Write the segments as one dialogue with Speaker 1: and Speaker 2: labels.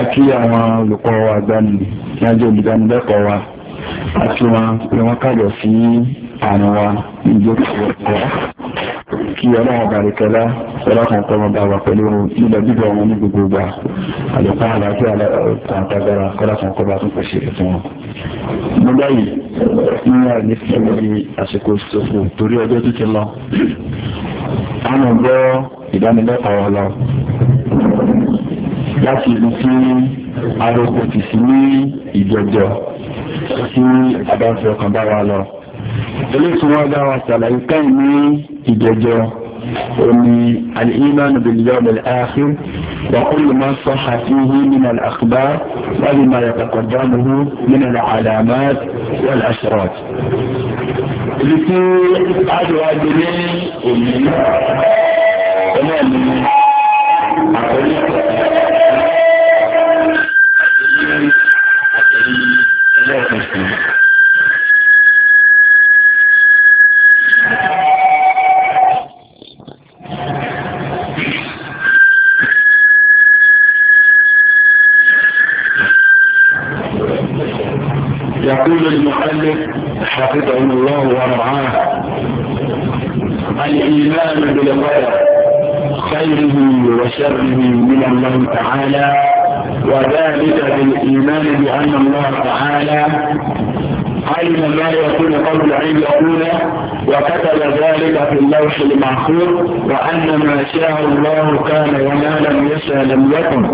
Speaker 1: àti àwọn olùkọ́ wa gbani ìyájọ́ olùdánilẹ́kọ̀ọ́ wa àti wọn pé wọ́n kàlọ̀ sí àrùn wa níbi òkèèrè ẹ̀kọ́ kí ọlọ́run bàrẹ̀kẹ́lá ọlọ́kan kọ́mọ bá wa pẹ̀lú nílẹ̀ bíbọ̀ wọn ní gbogbo gbà àlùkò àlàáfíà àtàgbára ọlọ́kan kọ́ba tó pèsè rẹ̀ fún wọn. ní báyìí ní àìní fẹ́mi àsìkò ìṣòfò torí ọjọ́ tó ti lọ. a nù gbọ́ ìdánilẹ́kọ̀ọ́ lọ láti ibi tí aróko ti sí ní ìjọjọ tí abáfẹ́ ọkàn bá wa lọ. eléyìí tí wọ́n bá wa ṣàlàyé káyìn ní ìjọjọ omi al'iman bil-yawm al-akhir wa kullu ma sahha fihi min al-akhbar wa bima yataqaddamuhu min al-alamat wal-ashrat ibi tí a jọ wá dé ní òmìnira المعقول وأن ما شاء الله كان وما لم يشاء لم يكن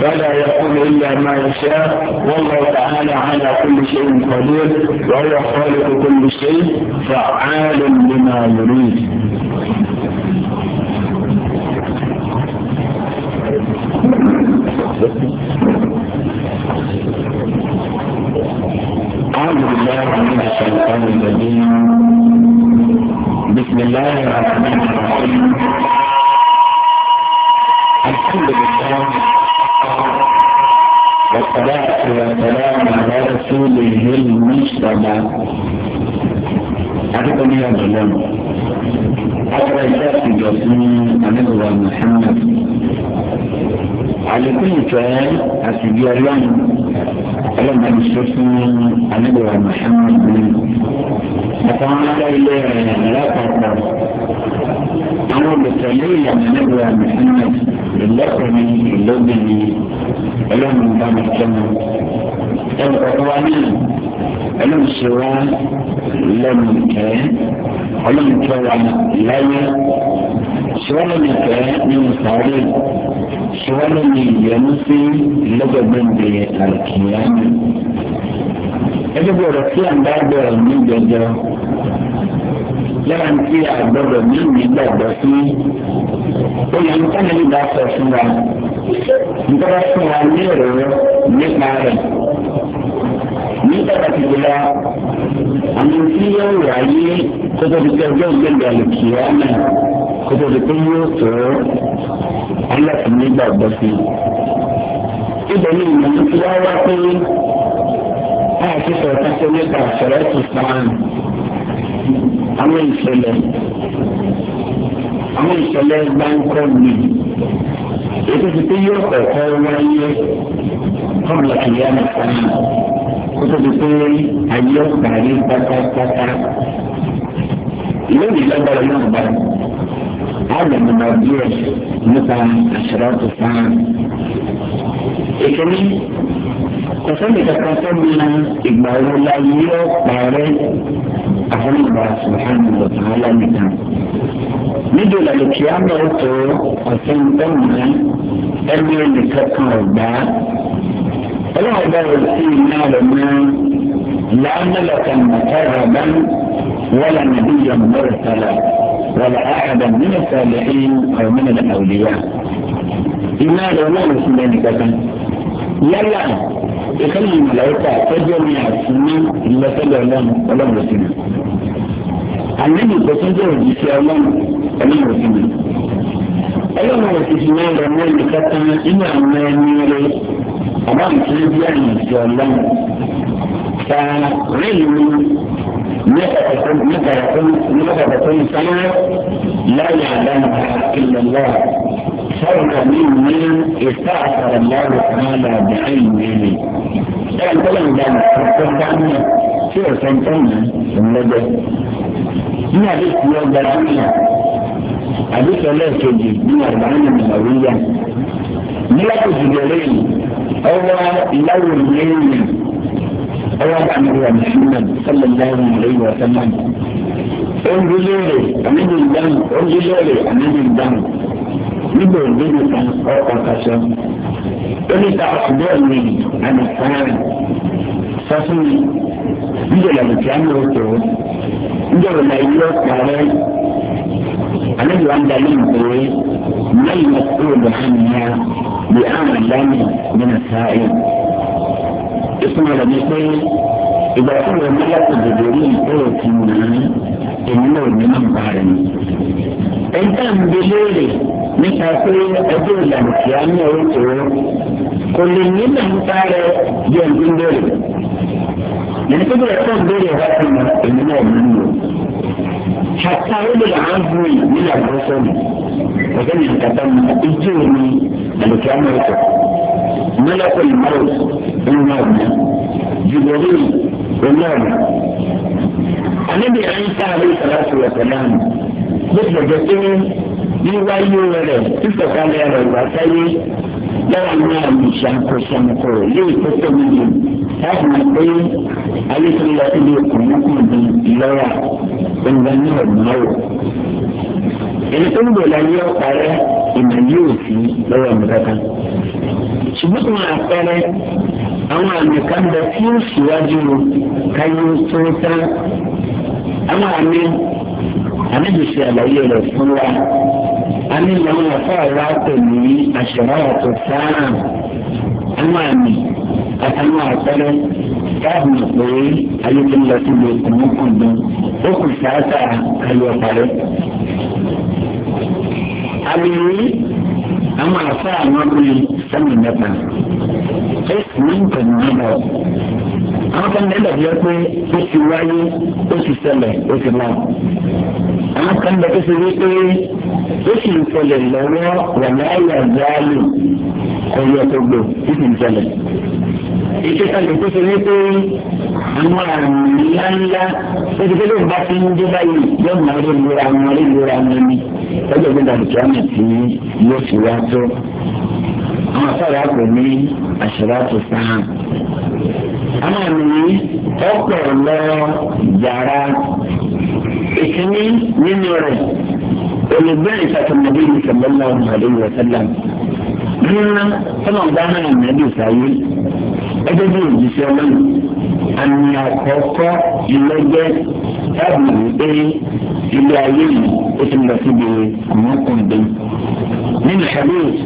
Speaker 1: فلا يقول إلا ما يشاء والله تعالى على كل شيء قدير وهو خالق كل شيء فعال لما يريد أعوذ بالله من الشيطان الرجيم بسم الله الرحمن الرحيم
Speaker 2: الحمد لله والصلاة والسلام على رسوله المجتبى
Speaker 1: أعتقد يا بلال أقرأ شخص جسمي أنبوى محمد على كل شيء أسجي اليوم ألم أن شخص أنبوى محمد منه àtàwọn ará ilé rẹ̀ lápapọ̀. Àwọn olùtẹ̀lé ìlànà nígbà Mùsùlùmí ìlọ́kùnrin ìlóbìnrin ọlọ́run bá mi kẹ́nu. Ẹnì kọ̀ọ̀kan wa náà ọlọ́run ṣe wá lẹ́nu ìkẹ́ ọlọ́run kẹ́ wa láyé ṣe wá lẹ́nu ìkẹ́ nínú sáré ṣe lẹ́nu ìyẹnu sí lọ́gbẹ̀gbẹ̀ àkìyámi ẹbí bọ̀rọ̀ tí à ń bá bọ̀rọ̀ ní jọjọ lára ń tí a gbọ́dọ̀ ní ìgbàgbọ́ sí oyè nǹkan ẹni bá sọ fún wa nǹkan bá fún wa ní ìrọ̀rọ̀ nípa rẹ̀ ní pàtàkì jùlọ àwọn tí yóò wáyé kótó ti tẹ ọjọ́ ìgbẹ́gbẹ́ àlùkìyà náà kótó ti tẹ yóò tó aláàfin nígbàgbọ́ sí ibẹ̀ ni ìmọ̀ ti wá wá pé àti sọ̀rọ̀ tó nípa àṣẹrẹ́ tó sàn àwọn ìṣẹ̀lẹ̀ àwọn ìṣẹ̀lẹ̀ gbáǹkọ́ mi ètò ìpè yóò kọ̀ọ̀kọ́ wáyé kọ́ọ̀lù àyè àmàtàn kó tó di pé ayé ọ̀gbàrí pátápátá lónìí lágbára náà bá àwọn ọ̀nàmọ̀ díẹ̀ nípa àṣẹrẹ́ tó sàn. ìkíní kò sẹ́ni kankan tó ní ìgbà wo la yóò parẹ́ àfọlùbà subhanahu wa ta'ala nìkan. níbi ìlànà kí á mọ̀ tó ọ̀sẹ̀ ń bẹ̀ mọ́ ẹni olùkọ́ kan ọ̀gbá. ọlọ́run bá wọ sí iná rẹ̀ mọ́ láàmúlọ̀kà mọ̀tàrà bá wọ́lá nàbí yọ̀m mọ̀rẹ̀sálà wọ́lá àhàdà nínú sọ̀lẹ̀ ẹ̀yìn ọ̀rọ̀mọ́nà àwùjọ. iná rẹ̀ wọ́n sì lẹ́nu kankan. yálà يخلي الملائكة تجمع السنين إلا صلى الله عليه وسلم عندما تصدر بسي الله عليه وسلم أيها الوسيقين رمال لكتنا إنا أمان يولي أما يتريد يعني بسي الله فغير من متى يكون متى يكون سنة لا يعلمها إلا الله فرق من من استعصر الله تعالى بعلمه ẹ̀rọ ìtọ́lẹ̀ ìdáná ọ̀pọ̀ dáná tí ọ̀sẹ̀ ntọ́nà ńlọ́jọ́. Ní àdéhùn ní ọjà dáná àdéhùn ọlẹ́ẹ̀kejì ní àgbáyé nàìjíríà. Nílákòjì lọ́lẹ́ yìí, ọwọ́ ìyáwó lẹ́yìn ọwọ́ àmì Muhammad sallallahu alayhi wa sallam. Oúnjẹ lóore àmìlì ìdáhùn, oúnjẹ lóore àmìlì ìdáhùn. Nígbà إلي أخبرني عن الساعة فصلي إذا لم تعمل الكروس إذا لم يوقع عليه أنا عند لمبي ما المسؤول عنها بأعلم من السائل اسم ربيعي إذا كان ملك جبريل أوتي منها إنه من أنبارني ẹ̀ńtà ń bi léèrè nípa pé ẹjọ́ ìlànà kìá ní ọ̀rọ̀ tòun kò lè ní ìlànà rẹ̀ bí ẹ̀ńtà ń béèrè. Yẹn tó bẹ̀rẹ̀ fún ìbéèrè wá sí mi, èmi náà mú mi. Ṣàtà ó lè máa ń bùn yìí nílà gbọ́sọ̀ mi. Ọ̀gá mi kàtà mi, ìjọ mi, àlùkí àmì ọ̀tọ̀. Mọ́lẹ́kọ̀ ìmọ̀ràn ńlá mi. Jùbọ̀rí ńlá mi. Àníbi àyíká àlè ìsàlásù ọ̀sẹ̀ náà mi bó tilẹ̀ jẹ́ pé wíwáyé rẹ̀ sísọ̀kalẹ̀ rẹ̀ wá sáyé lọ́wọ́ ní àmì ìṣàkóso yóò tó tóbi jù láti mọ̀ pé alẹ́sọ̀rọ̀ ilé kùnúkùnú ìlọ́ra ìgbà ní ọ̀nà o. èyí tó ń bọ̀ láyé ọ̀pá rẹ̀ ìmọ̀ yóò sí lọ́wọ́ mi kankan. ṣùgbọ́n àwọn àpẹẹrẹ àwọn àmì kan bẹ tí ó ṣíwájú káyé tó tán àwọn àmì àníbi ṣe àlàyé rẹ̀ fún wa a ní ìlànà ọ̀fọ́ ọ̀rọ̀ àpèlú àṣẹwà ọ̀tọ̀ sáà àwọn àmì àtàwọn àpẹẹrẹ káàbù pé ayélujára ti lè kùnú kùndùn ó kù sáàtà ayọ̀ parẹ́. àbẹ̀wò àwọn àfa àwọn ọkùnrin sẹ́mi mẹ́ta ó sì ní nǹkan mìíràn àwọn kan nílẹ̀ bí wọ́n pé ó ti wáyé ó ti ṣẹlẹ̀ ó ti lọ àwọn kan bẹ tó ṣe wípé ó sì ń fọlẹ̀ lọ́wọ́ wàlá àyàgbáàlù ọ̀yọ́ tó gbò ó sì ń fọlẹ̀. ìkẹta lè tó ṣe wípé àwọn àrùn ńláńlá ó ti fẹ́lẹ́ bá fi ń dé báyìí yóò máa rí lura wọn rí lura wọn ni ọjọ́ ìgbà ìkíámẹ̀ tí yóò fi wá tó. àwọn afárá kò ní àṣírá tó sáà àwọn àmì ọ̀pọ̀ lọ yàrá ìkíní nínú rẹ̀ olùgbẹ́rẹ̀ ìsàkànnàbí ìsàlọ́lá ọ̀hún ìwọ̀sálàm nínú sọ́nà ọ̀dáná ìnáàbí ìsàyé ẹgbẹ́ bí òjíṣẹ́ ọlọ́run àmì àkọ́kọ́ ìlẹ́gbẹ́ tábì wípé ilé ayé yìí ó ti lọ síbi àmọ́kùnrin nínú hadith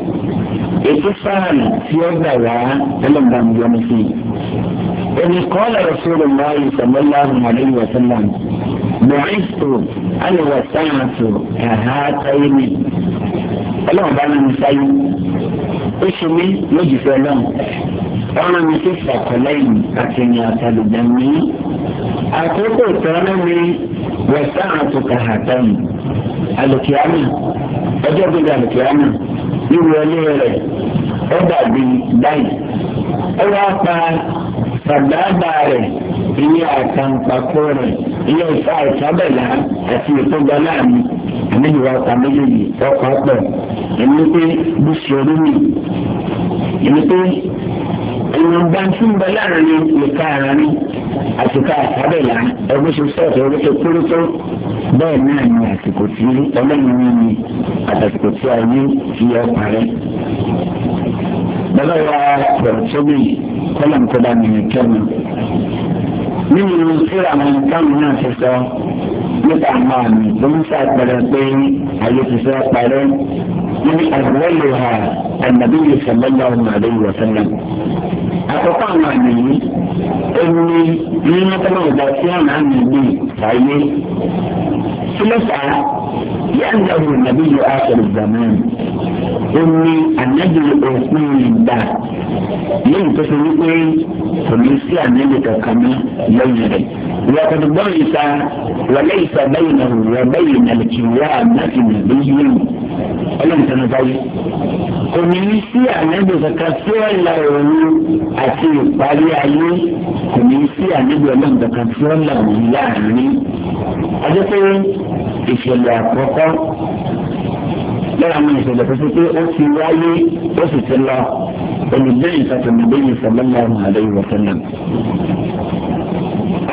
Speaker 1: ètò sáàlì tí ó gbà wá ẹlẹ́gbàá ń yọ ní sí i. èmi lọ́rọ̀ sórí ọ̀la ìsàlọ́lá bọ̀rìtò alẹ́wàsáàtò ẹ̀hátáyémi ọlọ́run bá mi sáyé ó ṣe mí lójúfẹ́ ọlọ́run ọ̀run mi ti fàkọ́lẹ́yìn àti ìyìn àtàlùjẹ mi àkókò ìtọ́lá mi wẹ̀sáàtò kàhátẹ́yìn alùkìámì ọjọ́ gbogbo alùkìámì ìwé ọlé rẹ̀ ó dàbí báyìí ó wá pa sàdáàbà rẹ̀ ìyẹn àtàǹpàkò rẹ̀ ilé ìfà ìfàbẹ̀là àti ìtọ́jà láàmì àmì ìwà ọkọ̀ méjèèjì ọkọ̀ ọ̀pọ̀ ẹni pé bó ṣe orí mi ẹni pé ìwọ̀nba tí ń bẹ láàrin ìka ara ní àtìká àtàbẹ̀là ẹgbẹ́ ṣe sọ́ọ̀tì oríṣi kúrútó bẹ́ẹ̀ náà ni àsìkò tí ọlọ́run ní ni àtàsìkò tí a yí fi ọ parẹ́. bàbá wa pọ̀ tóbi kọ́lọ̀ ń kọ́ bá mi kẹ́mi nínú tí àwọn nǹkan náà ti sọ nípa àwọn àmì tó ń ṣàpẹẹrẹ pé ayé ti sọ parẹ́ níbi àgbẹ̀wẹ̀lò ha ànàbí yìí sọ̀lọ́lá ọmọ àlẹ́ yìí wọ̀sánlẹ̀. àkọ́kọ́ àwọn àmì yìí ẹni ní mọ́tàlá ọ̀gá tí àwọn àmì yìí fàyè. sílẹ̀ fà yíyá ń dàrú ànàbí yìí á sọ̀rọ̀ ìgbà mẹ́rin omi ànábì òfin ìgbà lẹ́yìn tó fi wípé kò ní sí ànábì kankan mọ́ lẹ́yìn rẹ̀. Ìyàkọ̀tù gbọ́ ìta wọlé ìta bẹ́yìn náà wọ bẹ́yìn náà kì í wá ànábì nàbí yìí ọlọ́run tẹnu báyìí. Kò ní sí ànábì kankan tí ó la òun àti ìparí ayé kò ní sí ànábì ọlọ́run kankan tí ó la òun láàrin. Adé pé ìṣẹ̀lẹ̀ àkọ́kọ́ lára àwọn ìṣẹ̀lẹ̀ tó ṣe pé ó ti wáyé ó sì ti lọ olùdéyìn sàtìmọ̀déyìn sallallahu alaihi wa sallam.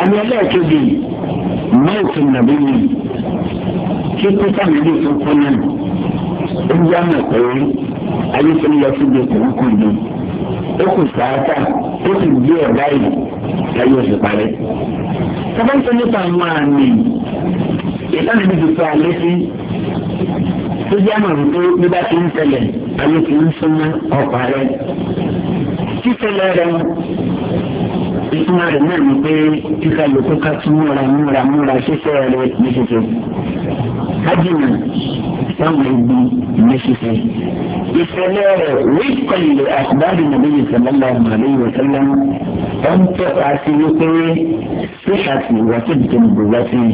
Speaker 1: àmì ẹlẹ́ẹ̀kejì mọ́ọ̀tì nàbẹ́yìn kí pípa nàbẹ́yìn tó kọ́ náà ó yá mọ̀ pé ayé tó ń lọ síbi kòókò yìí ó kù sáátà ó sì gbé ọ̀gá yìí láyé oṣù parí. sábà ń sọ nípa àwọn àmì ìlànà tó jẹ́ àmọ̀ wípé bí bá ti ń tẹ̀lẹ̀ ayé ti ń súnmọ́ ọ̀pá rẹ̀. títẹ̀lẹ̀ rẹ̀ ìtumọ̀ rẹ̀ náà ni pé kíkà lóko ká tún múra múra múra ṣíṣe rẹ̀ ní ṣíṣe hajjina sáwọn ibi mẹ́sísẹ́. ìṣẹ̀lẹ̀ rẹ̀ wípẹ̀lẹ̀ àkùbárì nàbí ìṣẹ̀lẹ̀ àmàlẹ́ ìwọ̀sẹ̀lẹ̀ ń tọ́ka sí wípé síṣàtì wàṣíbì tó ń gbòòrò sí i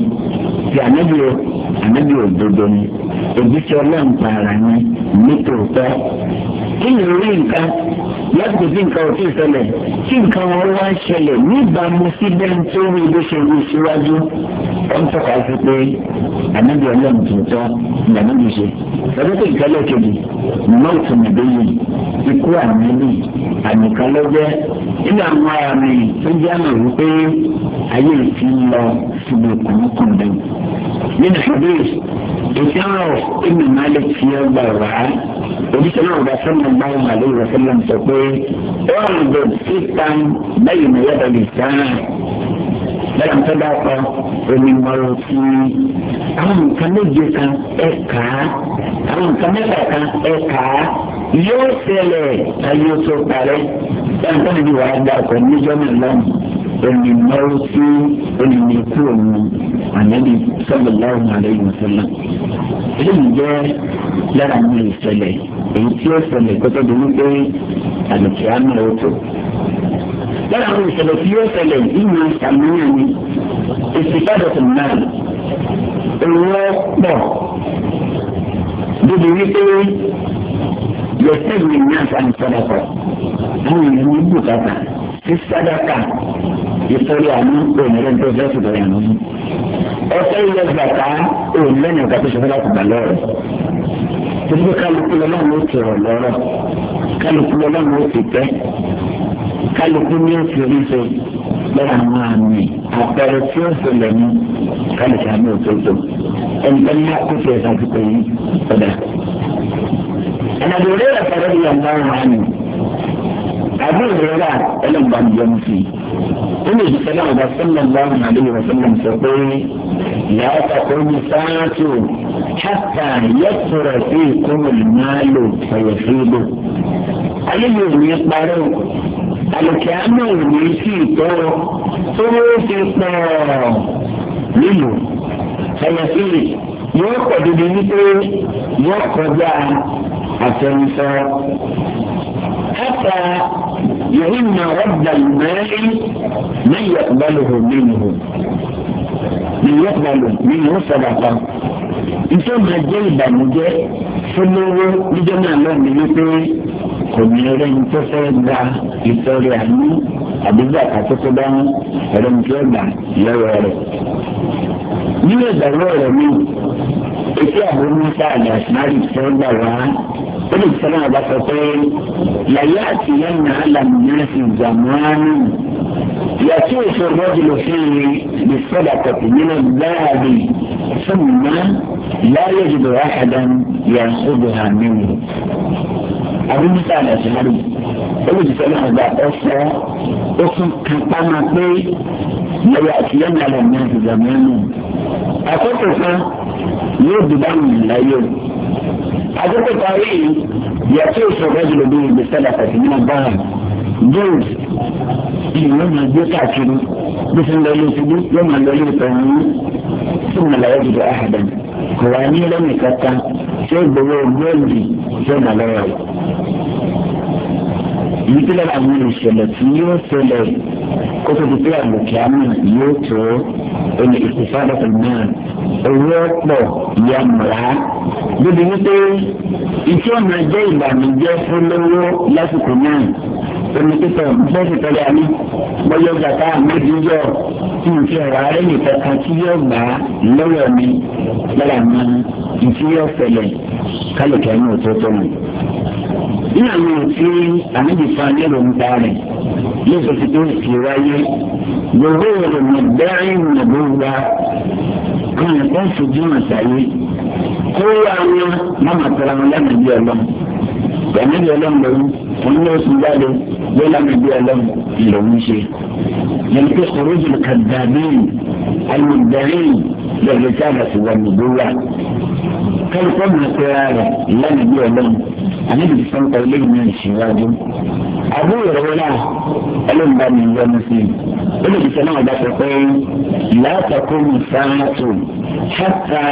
Speaker 1: ti ànábì ànábì òdodo ni èbí tí ọlọ́run pa ara ni nítòótọ́ kí ni orí nǹkan lásìkò tí nǹkan ò tí ì nǹkan wọn wá ṣẹlẹ̀ níbàámu sí bẹ́ẹ̀ tó rí ibi ṣe rí síwájú ó ń tọ́ka sí pé ànábì ọlọ́run tòótọ́ ìyànà bí ṣe ẹgbẹ́ tó ìtẹ́lẹ̀ kejì mọ́ọ̀tù nìbẹ́yì ikú àmì ní àmì kan ló jẹ́ nínú àwọn àmì tó jẹ́ àmì wípé ayé ìfi lọ síbi kùnkùn dẹ̀ nínú hadith ìṣẹ́rọ̀ ìmì malik fi ẹ gbà wá oníṣẹ́ náà bá sọ́nà báwọn àlẹ́ ìwọ̀sọ́lá sọ pé ó àrùn bẹ̀ síta báyìí ní yàtọ̀ lè sáà lẹ́yìn tó bá kọ omi mọ́rọ̀ sí i. àwọn nǹkan méje kan ẹ kà á àwọn nǹkan mẹ́ta kan ẹ kà á yóò ṣẹlẹ̀ ayé tó parẹ́ lẹ́yìn tó níbi wàá dà kọ́ níjọ́ náà lọ́nà omi mọ́rọ̀ sí omi ní ikú òun ànábì sallallahu alaihi wasallam. eléyìí jẹ́ lára àwọn ìṣẹ̀lẹ̀ èyí tí ó ṣẹlẹ̀ kótó dùn ún pé lára àwọn ìṣẹ̀lẹ̀ tí yóò ṣẹlẹ̀ ìwé ìṣàmúlẹ̀ ni ìṣèkádọ̀ tó náà ìwọ́ pọ̀ débi wípé yẹtẹ́ẹ̀mì náà sàn sọ́dọ̀kọ̀ àwọn èèyàn ní bùkátà sí sádàkà ìfọ̀rí àánú òmìnira tó fẹ́ fìdọ̀ àánú. ọ̀sẹ̀ ilẹ̀ gbàtà òun lẹ́nu ọ̀gá tó ṣe fẹ́ láti gbà lọ́rọ̀ títí kálukú lọ́lọ́run ó ti rọ̀ lọ́rọ̀ kálukú lọ́lọ́run ó ti tẹ́ kálukú ní oṣooṣo lọ́wọ́ àwọn àmì àpẹẹrẹ tí ó ṣẹlẹ̀ ní kálukú àmì oṣooṣo ẹnìkan ní àkóso ẹ̀ka àtúkọ̀ yìí ọ̀dà. ẹnàdúró rẹ̀ fẹ́rẹ́ bí ọ̀gá ọ̀hún àmì àbúrò rẹ̀ rà ẹlẹ́gbàá ní ọmọ sí i. ó lè ṣe sẹ́lẹ̀ ọ̀gá sọ́nà ọ̀gbọ́n àdéhùn ọ̀sọ́nà sọ pé ìyá ọkọ̀ ní sáàtù hàtà yẹ́tùrọ̀ sí ìkúrò máàlù ọ̀yẹ̀fẹ́ àlùkè àmọ́ òní sí ìtọ́ owó ti pọ̀ nílùú ẹ̀yẹ̀sílì yóò pọ̀ dídí wípé yóò kọjá àtẹnusọ. حتى يهم رب الماء من يقبله منه من يقبل منه صدقه nítorí máa jẹ́ ìbànújẹ́ fún lówó níjọ́ náà lọ́nà wípé kò ní ẹlẹ́yin tó fẹ́ gba ìtọ́rẹ àánú àbúgbà àkókò bá wọn ẹlẹ́yin tó gbà lọ́wọ́ rẹ̀. nínú ìgbàgbọ́ rẹ̀ mi etí àwọn oníṣà àdàsínárì tó gbà wá ó lè sọ́nà àbáfọ pé yàyà àti yànnà alàmìnàṣì jàmánù yàtí òṣèlú ọdún òfin ìfọdà kọ̀tù nínú gbáàbì ثم لا يجد أحدا يأخذها منه àbúrúta àdàsímárì olùdíjẹ́ náà gba ọ̀fọ́ ó fún kápá máa pé ẹ̀rọ àtìlẹ́yìn alẹ́ ní ìgbà mìíràn àkókò kan yóò dìbò àwọn ìlàyé àkókò kan rí yàtọ̀ ìṣòro ẹ̀jẹ̀ lóbi ìgbésẹ̀ làkàtì náà báyìí gold ìlú máa gbé káàkiri bí fún lọ ilé tìbí yóò máa lọ ilé tọ̀hún fún màláyé dìbò àhàdàn kò wá ní lẹ́nu ìkàkà tí ó gbowó góòlì tí ó máa lọ́wọ́ rẹ̀ èyí tí lọ́wọ́ àwọn ìṣẹ̀lẹ̀ tí yóò ṣẹlẹ̀ kó tó di pé àlùkìámù yóò tó ẹni ìṣèṣàdọ̀tò náà owó ọ̀pọ̀ ya mọ̀lá bíbi wípé iṣẹ́ ọ̀nà jẹ́ ìbànújẹ́ fún lówó lásìkò náà omi títọ̀ bẹ́ẹ̀ sì tọ́lé àmì bọ́yọ̀ gàtà àmẹ́díjọ́ tí n fi ọ̀rọ̀ arẹ́ nìkan kan tí yóò gbà á lọ́wọ́ mi lára mi ìfi yóò ṣẹlẹ̀ ní òtútù mi nínú àwọn òfin àmìjìfà nílò ń ta rẹ̀ yóò sọ ti tó fi wáyé gbogbo ìrọ̀lẹ́ mọ̀dáì nàbọ̀wá kan ẹ̀kọ́ fojú hàn sáyé kó wá wọn máma tẹ̀ra wọn lẹ́nu bí ọlọ́run tẹ̀mí bí ọlọ́run lòun òun ló ti jáde ló lẹ́nu bí ọlọ́run lòun ṣe yẹn pé kòrójì kàdàbí àlùmọ̀dáì lọ́ọ̀lẹ́sàgàsì wà nìgbówà. kálukọ́ mọ̀tẹ́ra rẹ̀ lánàá bí ọlọ́run ànábìyí sọ́ńkà eléyìí náà ṣíwájú. àbúrò ìrọ̀wọ́ náà ẹlẹ́nba mi yọ ọmọ sí i olóògbé sọ náà dákọ̀ pé látàkó mi sáàtò hàtà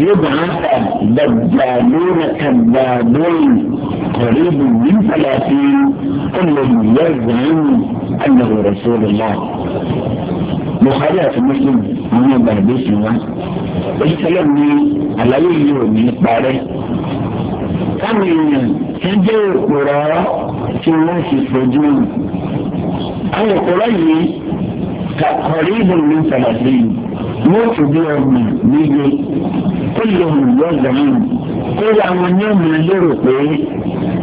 Speaker 1: yóò bá hàtà dàgbà lóra kàgbà bóyì kọ̀rẹ́bù ní fàlàfin ọlọ́run yẹ zàánù ànàwó rẹ̀ sọ́ọ́lù náà. Bukhari àti Muslim nínú ìgbà ìgbésí wọn oṣìṣẹ́lẹ̀ ní àlàyé yìí ò ní parẹ́ káwọn èèyàn tí ń jẹ́ òpòrọ̀ tí wọ́n sì fojú hàn àwọn òpòrọ̀ yìí kọ̀rí ìbòrò ní sàlàsì wọ́n fi bí ọgbọ̀n níye ó lè hùn lọ́gbọ̀n lórí àwọn ní ọmọ lérò pé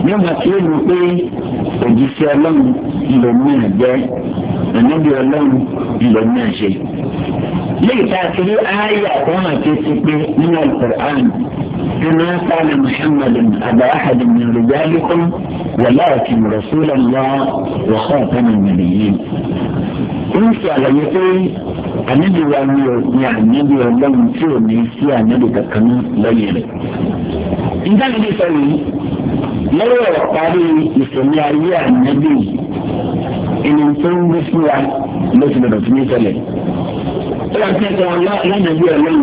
Speaker 1: ní ọmọ tí ó lù pé òjíṣẹ́ ọlọ́run ìlò náà jẹ́ ẹ̀nẹ́bí ọlọ́run ìlò náà ṣe. ليس في آية كما تسيبي من القرآن فما كان محمد أبا أحد من رجالكم ولكن رسول الله وخاتم النبيين انسى على يقول النبي وامي يعني النبي والله شو نسي النبي ككنا ليلة إذا النبي صلي lọ́wọ́ ọ̀parí ìsẹ̀mí ayé ànábì ẹni tó ń gbé fún wa ló ti lọ́dọ̀ fún mi sẹ́lẹ̀ ó wà tẹ́tẹ́ wọn lánàá bí ọlọ́run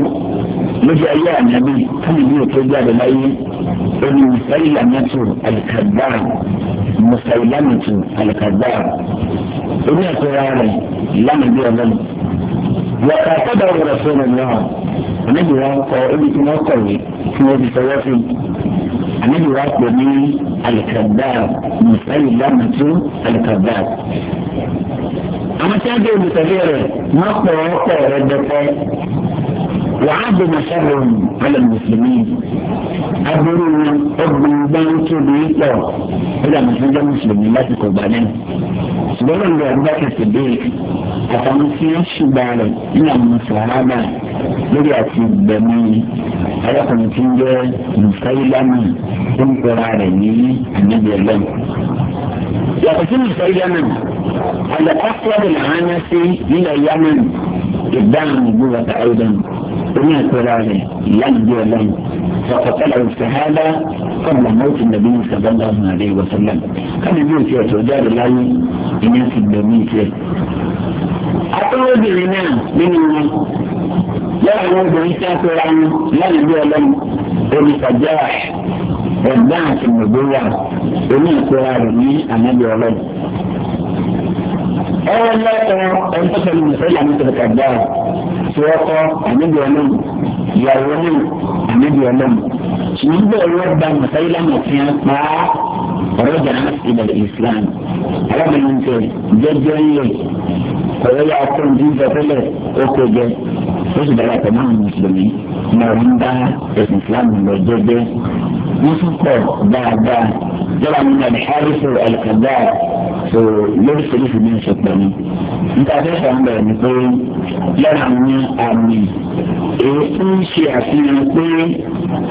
Speaker 1: lójú ayé ànábì fún ìlú òkè jáde láyé omi musailamatu alikadar musailamatu alikadar omi ẹ̀kọ́ra rẹ̀ lánàá bí ọlọ́run wọ́n àtọ́dọ̀ rẹ̀ fún ọ̀nà ànábì wọn kọ omi tí wọ́n kọ̀wé tí wọ́n ti fọwọ́ fún ànábì wọn pè ní alikadar musailamatu alikadar àwọn tí wọ́n dé olùsọ̀rọ̀ مصر وقع ردتا وعد مشر على المسلمين أدروا أبن بنت بيته إلى مسجد المسلمين لا تكبرين سبحان الله أبو بكر الصديق أتمسي الشبال إلى المصحابة lórí àti ìgbẹ̀mí arákùnrin tí ń jẹ́ mùsáílámù tó ń pera rẹ̀ ní ànábìẹ̀lẹ́mù. yàtọ̀ sí mùsáílámù على أقرب العنس إلى اليمن قدام جوبة أيضا هناك ذلك لن ولن فقتله الصحابة قبل موت النبي صلى الله عليه وسلم كان يقول في أسودار الله الناس الدميسة أقول بنا من الناس لا عيسى بإنسان عن لن ولن فجاح والدعس النبوة هناك ذلك النبي ولن ọwọ́ lọ́kọ̀ ẹ̀ńtọ́sẹ̀lú ìfẹ́lẹ̀ àmìtẹ̀ kàdá tí wọ́n kọ́ àmìbí ọlọ́mù ìyàwó ní àmìbí ọlọ́mù ṣùgbọ́n bẹ́ẹ̀ wọ́n gba mọ̀sáyílá mọ̀tíyàn pa ọ̀rọ̀ jà ilẹ̀ Islam alábẹ̀yìn tẹ̀ jẹ́jẹ́ yẹ ọ̀rọ̀ yà ọkùnrin tí ń sọ jẹ ó sì dára pẹ̀lú àwọn mùsùlùmí náà ń bá ẹ̀sìn Islam lọ jẹ́jẹ́ nísìkọ̀ dáadáa jọba mi náà alharifu alkada so lóríṣiríṣi ní oṣù pẹ̀lú. níta fẹ́ sọ̀rọ̀ bẹ̀rẹ̀ ni pé lára àwọn àmì èyí ń ṣe àfihàn pé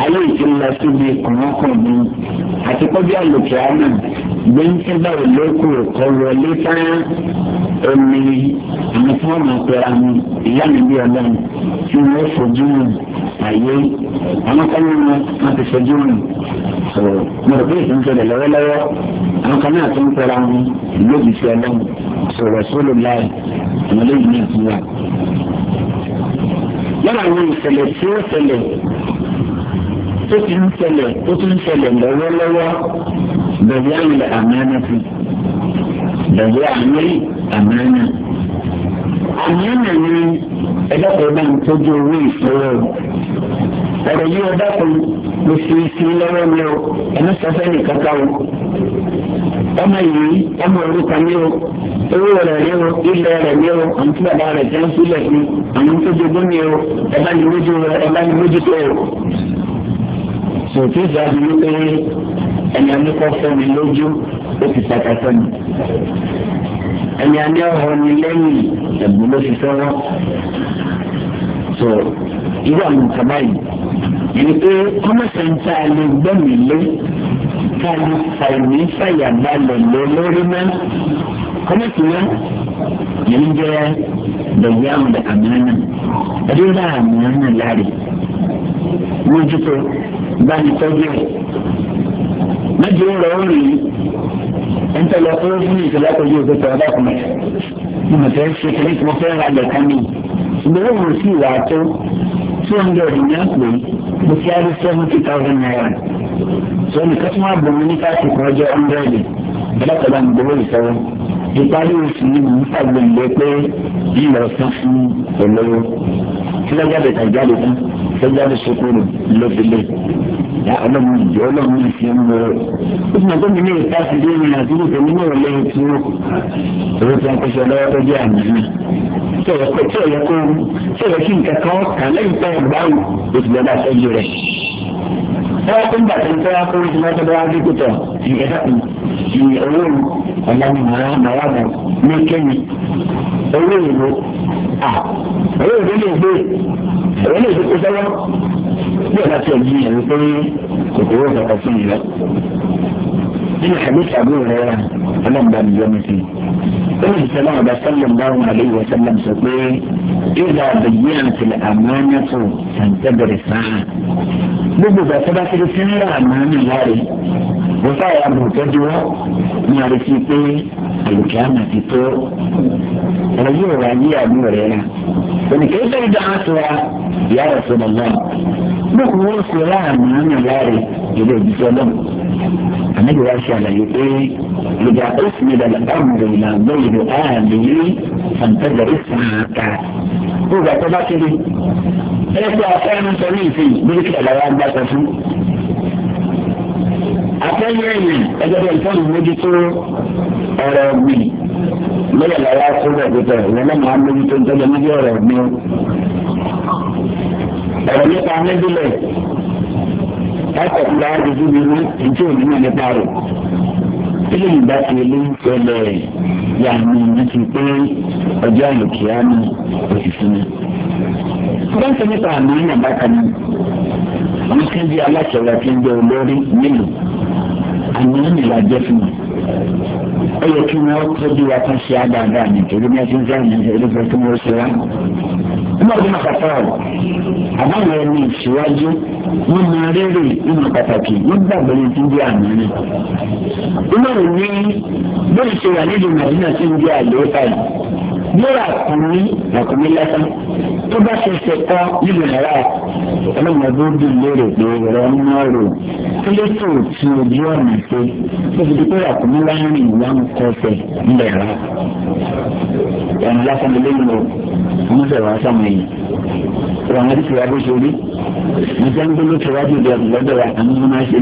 Speaker 1: ayé ìtìlá síbi kọ̀ọ̀kan ni àti pé bí àlòkè àmì gbẹ̀ǹtẹ́bà olóko kọ wọlé fún omi àwọn tí wọ́n máa pera mu ìyá mi bí ọlọ́run tí wọ́n fojú wọn àyè àwọn kan nínú wọn ti fojú wọn so mo rò pé ìsìn tẹ̀lé lọ́wọ́lọ́wọ́ àwọn kan náà tó ń pera wọn lóbi sí ọlọ́run so rẹ̀sọ́lù láì àwọn lóyún ní ìtura. yàrá àwọn ìṣẹ̀lẹ̀ tí ó ṣẹlẹ̀ tó ti ń ṣẹlẹ̀ tó ti ń ṣẹlẹ̀ lọ́wọ́lọ́wọ́ bẹ̀rẹ̀ àyè àmàna fi bẹ̀rẹ̀ àyè àmàna. àmàna ni ẹ̀dọ́kọ̀ náà ń tọ́jú owó ìṣòro ọ̀rọ̀ yìí ọ̀dọ́kọ̀ ló fi sí lọ́wọ́ mi o ẹ̀mí sọ́fẹ́ nìkan ká o. ọmọ yìí ọmọ orúkọ mi o owó rẹ̀ ní o ilẹ̀ rẹ̀ ní o àwọn tí bàbá rẹ̀ jẹ́ ń sílẹ̀ fún àwọn tó jogún ní o ẹ bá ní mójú rẹ̀ ẹ bá ní mójú tó o sòtú ìjáde wípé ẹni anúkọ fẹmi lójú ó ti pàtà sẹmi ẹni aní ọhọ ni lẹ́yìn ẹ̀bùn ló fi sọ̀rọ̀ so irú àwọn nǹkan báyìí ẹni pé kọ́mọ̀sẹ̀ntà lè gbẹ̀mí lé ká lè fàìmí fàyàbalẹ̀ lé lórí náà kọ́mọ̀sì náà yẹn jẹ́ bẹ̀yẹ́ àwọn àmì náà ẹ̀rí láàmì náà láre mójútó bá ní tọ́jú ẹ̀ mẹ́jọ rẹ̀ ó rí ẹ̀ńtẹ̀lẹ̀ ó fún ìṣẹ̀lẹ̀ àkọ́jú òkè tó ọba kùnà mo mọ̀ tẹ́ ṣe kiri tí mo fẹ́ ra lẹ̀ka mi ìgbéwò mo sì wà á tó two hundred ní àpè mo ti á seventy thousand naira sọ ní kẹ́tùmọ́ àbòmí ní káàkiri kan ọjọ́ hundred ẹ̀dá ìparí oṣù yìí ń fàgbẹ̀ǹgbẹ́ pé ńlọ san fún olówó tí wọ́n jáde tàn jáde fún tó jáde sukuru lóbìlẹ̀ ya ọlọ́run ìjọ ọlọ́run ní ìfẹ́ mọ́ ọ. ó sì máa tó mi ní ìta sí ilé ìrìn àti ìlú tèmi náà lẹ́yìn tí ó owó tí wọ́n kọ́ sí ọlọ́wọ́ tó jẹ́ àmì náà. tí ò tí ò kó tí ò kí nǹkan kan kà lẹ́yìn tó ń báwò wọ́n tó ń gbà tó ń tẹ́wá kó oṣù mọ́tò lọ́wọ́ bí kòtò ìyẹ́dàkùn ìyẹ́wòrán ọ̀làmì màrámù ní kẹ́mi owó ìlú à owó ìlú lè gbé owó lè dúkú sọ́wọ́ bí ọ̀la tí ọ̀gbìn yẹn pé kòkòrò kankan fún yìí lọ. nínú àdéhùn àbúrò rẹ̀ ọlọ́mọdé àbíyọ́ mi sí i bẹ́ẹ̀ ni sẹ́lá ọ̀dà sallallahu alayhi wa sallam sọ pé ìlà àbẹ̀yẹ àti àmọ́nẹ́tò tàǹtẹ̀bẹ̀rẹ̀ sáà gbogbo ìgbà tó bá ti di sẹ́ńdà àmọ́nẹ́ láre kò sáyà àbùtọ́jú wọn ní àrètí pé àlùkí àmà ti tó ọ̀rọ̀ yóò wá yí àbí rẹ̀ rà ònìkè ń tẹ̀lé dáhà tó wa ìyá rẹ̀ tó lọ lọ́wọ́ bókun wọn fi láàmú àmì láàrẹ̀ ìlú òjijì ọlọ́mù àmì wa ṣe àlàyé pé lùdà ó sì ní dàgbà àmọ̀ràn ìlànà ìlú àmì yìí fàǹtẹ̀lẹ̀ ìsàkà ó gbà tó bá kiri ẹ àtẹ́yìn ẹ̀yìn ẹgbẹ́ bẹ́ẹ̀ fẹ́ẹ́ mójútó ọ̀rọ̀ ọ̀gbìn lọ́yọ̀ làwọn akọ́rọ̀ ọ̀gbẹ́tẹ̀ ìwọ́n náà máa mójútó nítorí níbi ọ̀rọ̀ ọ̀gbìn.
Speaker 2: ọ̀rọ̀ nípa níbílẹ̀
Speaker 1: ẹ̀kọ́ ìlà àdúgbò mi ní ìjọ òní nípa rẹ̀ ilé ìgbà tí ilé ń tẹ̀lé yàmi nítorí pé ọjọ́ àlùkìá ni òṣìṣẹ́ ni. báńkì nípa àmì ìyàmbá kan ní wọ́n ti ń di aláṣẹ àmọ́nì la jẹ́ fún mi ó yẹ kí wọ́n tọ́jú wa kan ṣe àdáadáa ní torí bí wọ́n ti ń sẹ́yìn ní ẹ̀rọ fẹ́ kí wọ́n ṣe wá. nígbà tó máa kàtà ọ̀ àbáwọn ẹni ìṣíwájú wọ́n máa rérè nínú pàtàkì wọ́n gbàgbọ́ ti ń jẹ́ àmọ́nì. iná ò ní bóyá ṣe nídìí màdínà ti ń jẹ́ àlè lóra kùnmí ọkùnmí lẹ́sán tó bá ṣe ṣe kọ́ nílò ẹ̀rọ ọlọ́mọdé bí lérò pé ẹ̀rọ ń rò kílẹ̀tò tí ojú ọ̀nà ṣe tó fi di pé ọkùnmí láàrin ìwà ń kọsẹ̀ ńlẹ̀ rà ẹ̀rọ lásán lé lẹ́yìn o wọ́n fẹ̀rẹ̀ wá sàmì yìí ìwà wọn ti fi wá bó ṣe rí nígbà ń gbóló ti wájú ìdí ọ̀dùn lọ́dọ̀ wa àmì wọn máa ṣe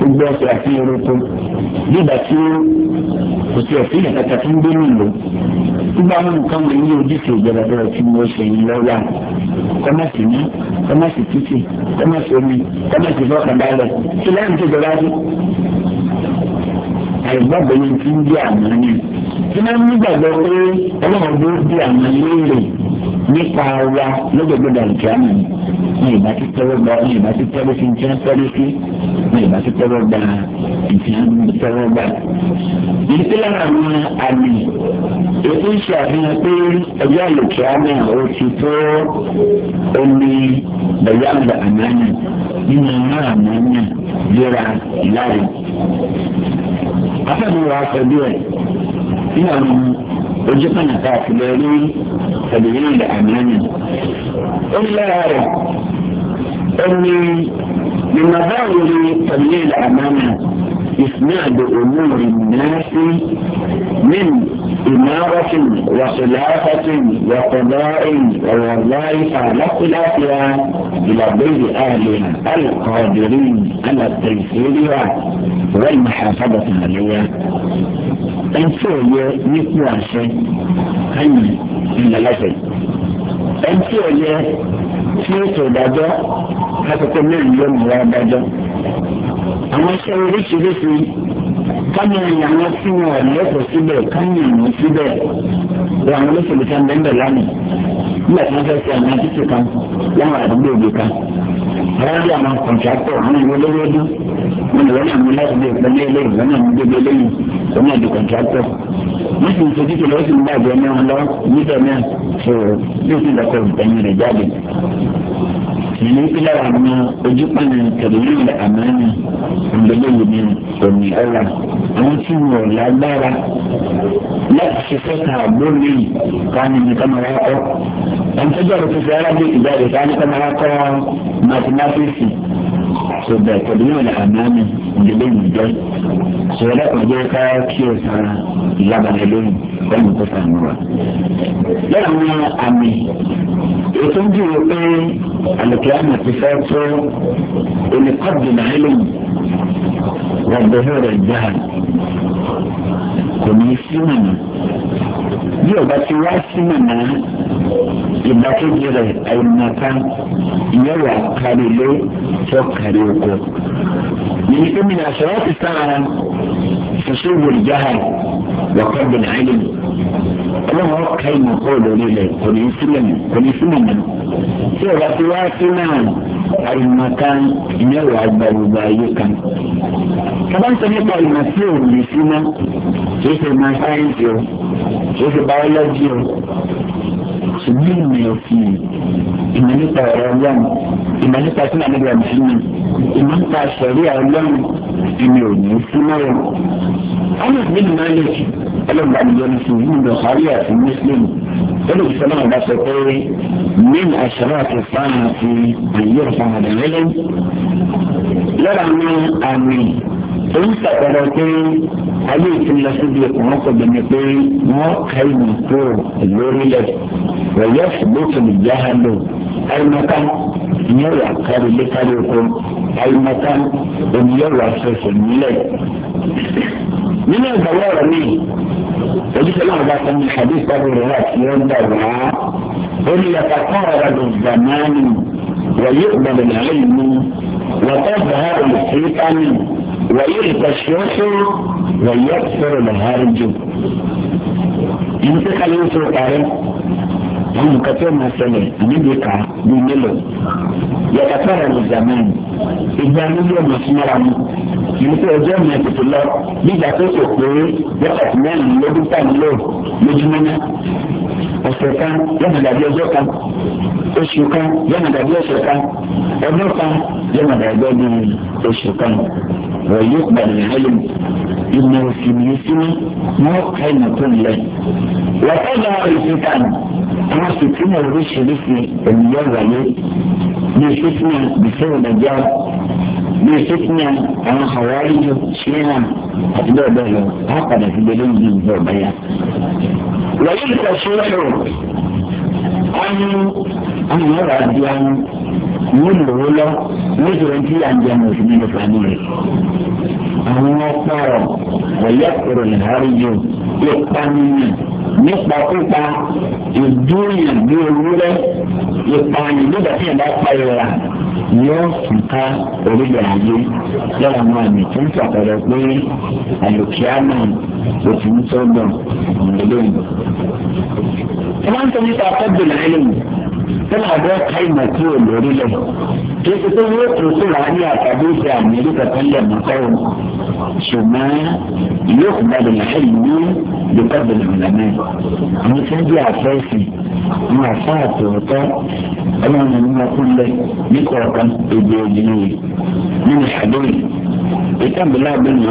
Speaker 1: gbogbo ọ̀sẹ̀ àti eruku nígbà tí kò sí ọ̀sẹ̀ ìkàkà tó ń gbé nílò nígbà àwọn nǹkan wọn ní ojúṣe ìjọba tó ti mú ọṣẹ yìí lọ́wọ́ kọ́mọ̀sì ní kọ́mọ̀sì títì kọ́mọ̀sì omi kọ́mọ̀sì fọ́kànbalẹ̀ kí lẹ́yìn tó jọba dé àìgbàgbọ́ yẹn ti ń bí àmọ́ ni tí wọ́n nígbàgbọ́ pé ọlọ́run ló bí àmọ́ léèrè nípa wa lọ́gbẹ̀gbẹ̀dà ìkíámù ni ìbá ti tẹ́wọ́ gbọ́ ìbá ti tẹ́wọ́ sí ti ń tẹ́wọ́ sí wọn ìbá tó tẹ́wọ́ gba ìfihàn tẹ́wọ́ gba. ìdílé lára àwọn àmì ètò ìṣe àfihàn pé ọjọ́ àlòkè àmì ò ti tó omi bẹ̀yà àgbà àmàlà nínú àwọn àmàlà yẹra láàyè. afẹ́mi wàá sọ bí ẹ̀ nínú àwọn ojú kan nàta àtìlẹ́ rí ẹ̀dùnú ìdá àmàlà. ó ní lára rẹ̀ ó ní. من مظاهر تبليغ الأمانة إسناد أمور الناس من إمارة وخلافة وقضاء ووظائف على خلافها إلى بيت أهلها القادرين على التيسير والمحافظة عليها أنسوا يكوى أن لا شيء ẹni tí ò yẹ tí ó tó dájọ́ lásìkò mélòó ló mú wa dájọ́. àwọn iṣẹ́ oríṣiríṣi kámi ẹ̀yìn àwọn tí wọn ò lẹ́kọ̀ọ́ síbẹ̀ kámi ẹ̀yìn síbẹ̀ wọ àwọn olóṣèlú kan bẹ́ẹ̀ bẹ́ẹ̀ lánàá nígbà tí wọ́n fẹ́ ṣe àwọn akíkì kan láwọn àdúgbò òbí kan wọ́n rí àwọn kọ̀ǹtàkọ̀ ní ìwé lórí ọdún wọ́n lọ́ọ́ náà mú láti lè pẹ́lẹ́ eléyìí wọ́n náà mú gbégbé eléyìí wọ́n náà di kọ̀ǹtàkọ̀ wọ́n sì ń sojú tó lọ́ọ́ sì ń gbàgbé ọmọ wọn lọ níbẹ̀ náà fò bí lọ́kọ̀ ìtẹ̀yìn rẹ̀ jáde. ìyẹn ní pílẹ̀ àwọn ojúpọ̀nà tẹ̀lé àmàna ìgbẹ́lẹ̀ yìí ní òní ọ̀la àwọn tí wọn ò lágbára láti ṣiṣẹ́ ká àgbóni káni ní kámẹ́rà kọ́ ẹ̀ńtẹ́jọ́ rẹ̀ fífi arábìkì jáde káni kámẹ́rà kọ́ mathematics. ọ̀dà pẹ̀lú ìwọ̀n àmàmì ìdílé ìjọ ṣọlá ọjọ́ ká kí o sara ìlàbàlẹ̀ lóyún lẹ́nu tó sàmù wa. lẹ́yìn àwọn àmì ètò ń dìrò pé àlùkìyàmù ti fẹ́ tó olùkọ́bì náà lóyún wọ́n bẹ̀rẹ̀ rẹ̀ jáà kò ní í sí mọ̀nà. bí ọba ti wá sí màmá ìgbàkejì rẹ̀ àyùmọ̀ká ìyẹn wà kárí lé tó kárí oko. Nìyí pé mi nà sọ̀rọ̀ ti sára fòṣù wòlíjáhà wọ́pẹ́ bìnrin àìlè. Ọlọ́run ọ̀ka ìmọ̀ kọ́ lórí rẹ̀ kò ní sílẹ̀ mọ̀. Tí ọba ti wá sí náà àìmọ̀kan mẹ́wàá gbàgbà ayé kan. Bàbá ń sọ nípa ìmọ̀ sí òòlù síná, kì í ṣe ìmọ̀ sáyẹ́ǹsì o, kì í ṣe báyọ́lọ́jì o. Ṣùgbọ́n ìmọ̀ ẹ̀sìn ìmọ̀ nípa ọ̀rọ̀ ọlọ́run, ìmọ̀ nípa sínú àdébẹ̀ mùsùlùmí, ìmọ̀ nípa sẹ̀rí ọlọ́run, ìmọ̀ òní síná o. Ọ́nà ìbílẹ̀ náà lè ẹlẹ́gbàá olùsọ náà bá sọ pé min àṣàrà àti fáwọn àti àyè ọ̀fọ̀n àdàlẹ́lẹ́ lọ́la ní àmì èyí sàkọ́dọ̀ pé ayé ìfúnlẹ̀ síbi ìkùnrin kò bẹ̀rẹ̀ pé wọ́n ká ìmọ̀ kó lórílẹ̀ wọ̀nyẹ́ fúlóòtù nìjà hàn lò àyìnbáká ìyẹn wà kárí lékárí oko àyìnbáká ònìyẹn wà fẹsẹ̀ nílẹ̀. من الزوار مين وليس الأعضاء من الحديث أبو الرواس يوم دعوة قل يتقارب الزمان ويقبل العلم وتظهر الحيطان الفتن ويرتشوش ويكثر الهرج انتقل يوسف القارئ àwọn nǹkan tí ó máa ṣẹlẹ̀ àníbi ká bíi mélòó yàtọ̀ fẹ́rẹ̀ lè jà mẹ́rin ìgbà níbi ọmọ sí mọ́ra mu ìrúkọ ọjọ́ mi tètè lọ nígbà tó kò pé wákàtí mẹ́rin lójú pàmílò lójúmọ́ náà ọ̀sẹ̀ kan yọ̀nà dàbí ọjọ́ kan oṣù kan yọ̀nà dàbí ọ̀sẹ̀ kan ọdún kan yọ̀nà dàbí oṣù kan wọ̀ yóò gbàdúrà ayé ìmọ̀ òsì mi sí mi wọ́n tó lẹ̀ wọ́n fẹ́ lọ́wọ́ ìsìnkà ni fìtínà oríṣiríṣi ènìyàn wáyé bí fìtínà bìfẹ́rù dàjà bí fìtínà àwọn àwáríjọ ṣíhàn àti bẹ́ẹ̀ bẹ́ẹ̀ lọ á padà sí gbẹdẹ́ ìdí ìgbà ọ̀bá yá. wáyé ìgbà ṣíṣe ọ̀nù àwọn ọ̀rọ̀ àti àwọn wọ́n lò ó lọ nítorí tí à ń jẹun òsì nínú fàánù rẹ̀. àwọn ọ̀pọ̀ ọ̀rọ̀ wọ̀yẹ́ kúrò nípa pípa ìdúnyàn ní ewúrẹ́ ìpààyàn nígbà tí yàrá pa ìrora yóò fún ká orílẹ̀ ayé lọ́wọ́ àwọn àmì tó ń sàkọ̀rọ̀ pé àlòkíá náà kò sí ní sọ́gbọ̀n ìrẹ̀lẹ̀ ìwọ́n ń sọ nípa akọ́bìnrin ẹlẹ́yìn. tọ́lá àbẹ́ káyìmọ̀ sí olórí lẹ̀. kí ẹ tó yóò tó sí wàhálì àtàbí ìṣe amẹ́ríkà tó ń lẹ̀ mọ́tọ́ o. ṣùgbọ́n yóò kó bá dènà ẹ̀ ní lùkọ́ dènà ìlànà ẹ̀. àwọn tí wọ́n bí àfẹ́sì wọn àfa àtòótọ́ ọlọ́run ní wọn kú lẹ̀ ní kọ̀ọ̀kan èdè òjì nìyí. nínú àdéhùn ìtàbílà bẹ́ẹ̀ ni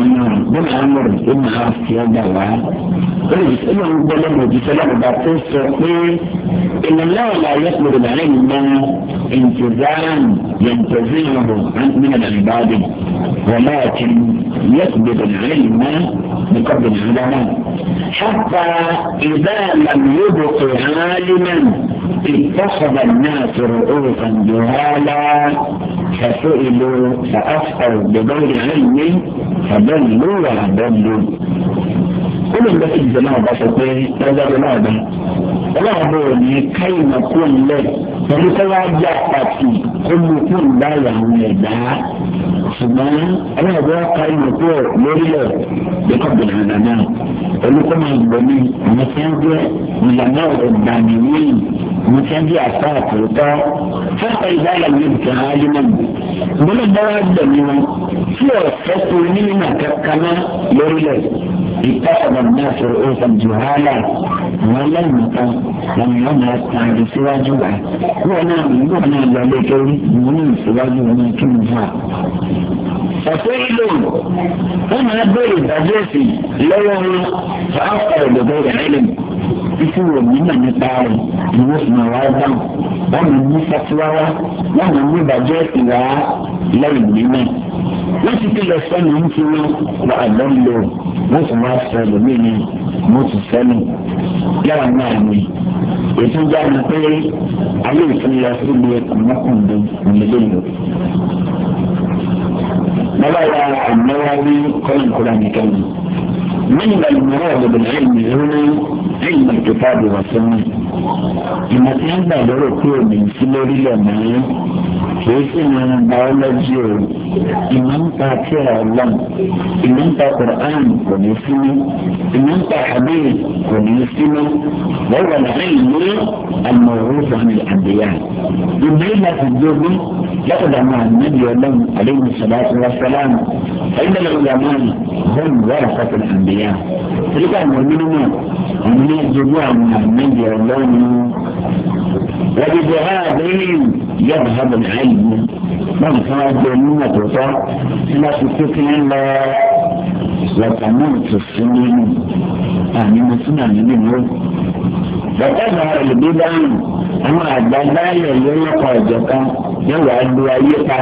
Speaker 1: wọ́n náà bọ́lá إن الله لا يطلب العلم انتظام ينتزعه من العباد ولكن يطلب العلم بقدر العلماء حتى إذا لم يبق عالما اتخذ الناس رؤوسا جهالا فسئلوا فأخطوا بغير علم فضلوا وأضلوا ó lè lọ́sẹ̀ ìjọ náà bá sọ pé lọ́jọ́ náà dá ọlọ́run bò ní káyìmọ̀ kó lẹ̀ pẹ̀lú kó wá jà pàtì kó lu kó láyà àwọn ẹ̀dá ṣùgbọ́n ọlọ́run bò káyìmọ̀ kó lórílẹ̀ lẹ́kọ̀ọ́ bẹ̀rẹ̀ nàdá pẹ̀lú kó máa gbọ́ ní àwọn tí wọ́n jẹ́ ìlànà ọ̀dàmìwéyì àwọn tí wọ́n jẹ́ àṣà àtòótọ́ fẹ́ẹ̀kọ́ ìdáyà ní ìtàn áyémọ̀n gbọ́dọ̀ bá wá gbẹ̀mí wọn tí ọ̀fẹ́ tó ní اتخذ الناس رؤوسا جهالا ولا المكان لم يمت سوى سواجه وانا وانا ذلك من سواجه ما كنها فقيل انا ابي بجسي لو فاخر بغير علم ìṣirò mímọ̀ nípa rẹ̀ ni wọ́n fi máa wá dáhùn wọ́n mú ní fatiwa wá wọ́n mú ní wọ́n ti kílọ̀ sọ́nà ń fi wọn wà lọ́lọ́ wọ́n sì máa sọ ẹlòmíì ni mo sì sẹ́nu yàrá náà ni ètò ìjà ni pé ayé ìfúnra síbi ọmọkùnrin nílé lò. Bàbá àmọ́wá rí kọ́lìn kúrò nìkan yìí. من المراد بالعلم هنا علم الكتاب والسنة. Ìmọ̀ tí ń gbà lọ́rọ̀ kúrò ní sílórí lọ́nà kìí sì ní biology o ìmọ̀ ń ta tí a lọ́n ìmọ̀ ń ta Qur'an kò ní sí mi ìmọ̀ ń ta hadith kò ní sí mi wọ́n wà láàyè ní àmọ̀wé sàmì àdéyà ìmọ̀ yìí láti dógún látọ̀dọ̀ àwọn ànábì ọlọ́run àdéhùn sàlátì wa sàlám ẹ̀yìn lọ́wọ́ yamani bọ́ọ̀n wọ́ọ̀rọ̀ sàtọ̀ àdéyà torí àwọn ní ìjọba وبذهابهم يذهب العلم من فاز من الرضا إلى سكوت الله وتموت السنين آمين سنة منه وتظهر البدع àwọn àgbàláyọ̀ lórúkọ ìjọba yóò wá lu ayé pa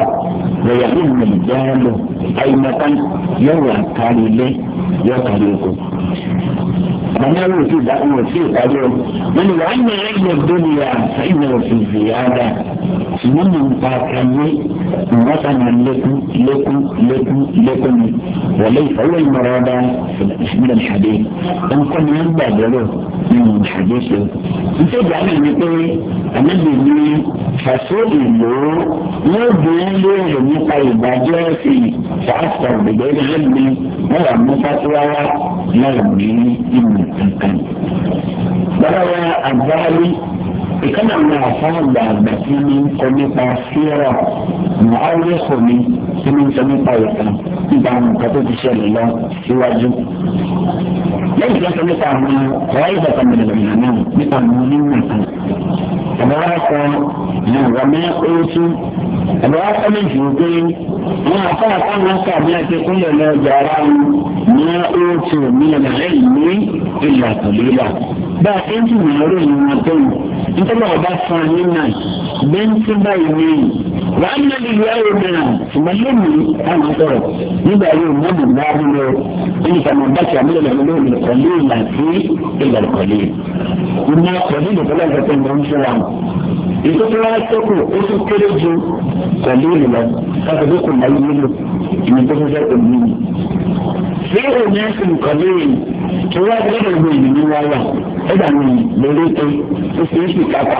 Speaker 1: lọ́yà ní ìmọ̀lẹ́dẹ́rẹ́lò àyùmọ̀tán yóò wá kárí ilé yóò kárí oko bàmílẹ̀ òsì ìdáhùn òsì ìpàdé o wọn ni wàá nyẹ ẹgbẹ́ gbóníyà ẹgbẹ́ òsì ìyáda ṣùgbọ́n mi nǹkan àkànyé nǹkan sànà lẹ́kún lẹ́kún lẹ́kún lẹ́kún mi wọlé ìfọwọ́ ìmọ̀ràn ọba ìṣúná ìṣàdé nǹkan ni wọ́n gbàgbọ́ lọ nínú ìṣàdé ṣe. nítorí àná mi pé ànábì mi fàṣọ ìlú wọn bìí lóore nípa ìbàjẹ́ sí fàṣọ ìgbẹ́gbẹ́ mi wọn wà mú fàṣọ Gara eta ìkànnà àwọn àfáàgbà àgbà tí mi ń kọ nípa fíra mọ̀ọ́lẹ́kọ̀ọ́ mi tí mi ń sọ nípa ìtàn nípa nǹkan tó ti ṣẹlẹ̀ lọ síwájú. lẹ́yìn tó ń sọ nípa àwọn ọ̀rọ̀ ìbàtà mẹ̀lẹ̀mẹ̀lẹ̀ náà nípa àwọn onímọ̀ kan. ọ̀bọ̀ wa kọ yorùbá mẹ́ oṣù ọ̀bọ̀ wa kọ́ méjì wípé wọn àfáà káwọn kàbí àti kúnlẹ̀ lọ jàrá mẹ́ oṣù mílíọ̀nù lẹ́yìn ní ìlà àtọ̀lélà bá a ti ń tún ìrọ̀rùn ìrìn àtọ̀yìn tọ́lọ̀ ọba fún un nínú bẹ́ńtì báyìí ní wàá nílò ìlú ayé mìíràn ṣùgbọ́n lónìí àwọn sọ̀rọ̀ nígbà yóò mọ́nà bá rí lọ oníkàmọ́ bàtì àmúlẹ̀ lọ́wọ́ ìkọ̀lé ìlà sí ìlà ìkọ̀lé. ìmọ̀ ìkọ̀lé ìkọ̀lé ìkọ̀lé ìtòkìlá sẹ́kù ó tún kéré ju pẹ̀lú ìlọ káfí tó kù láyé nílò ìní tó fẹ́ fẹ́ òní ni. ṣé òní ẹ̀sìn kọ̀lé yìí tó wá gbọ́dọ̀ gbé ìlú wá wà ẹ̀dà mi lórí pé ṣe é sì kápá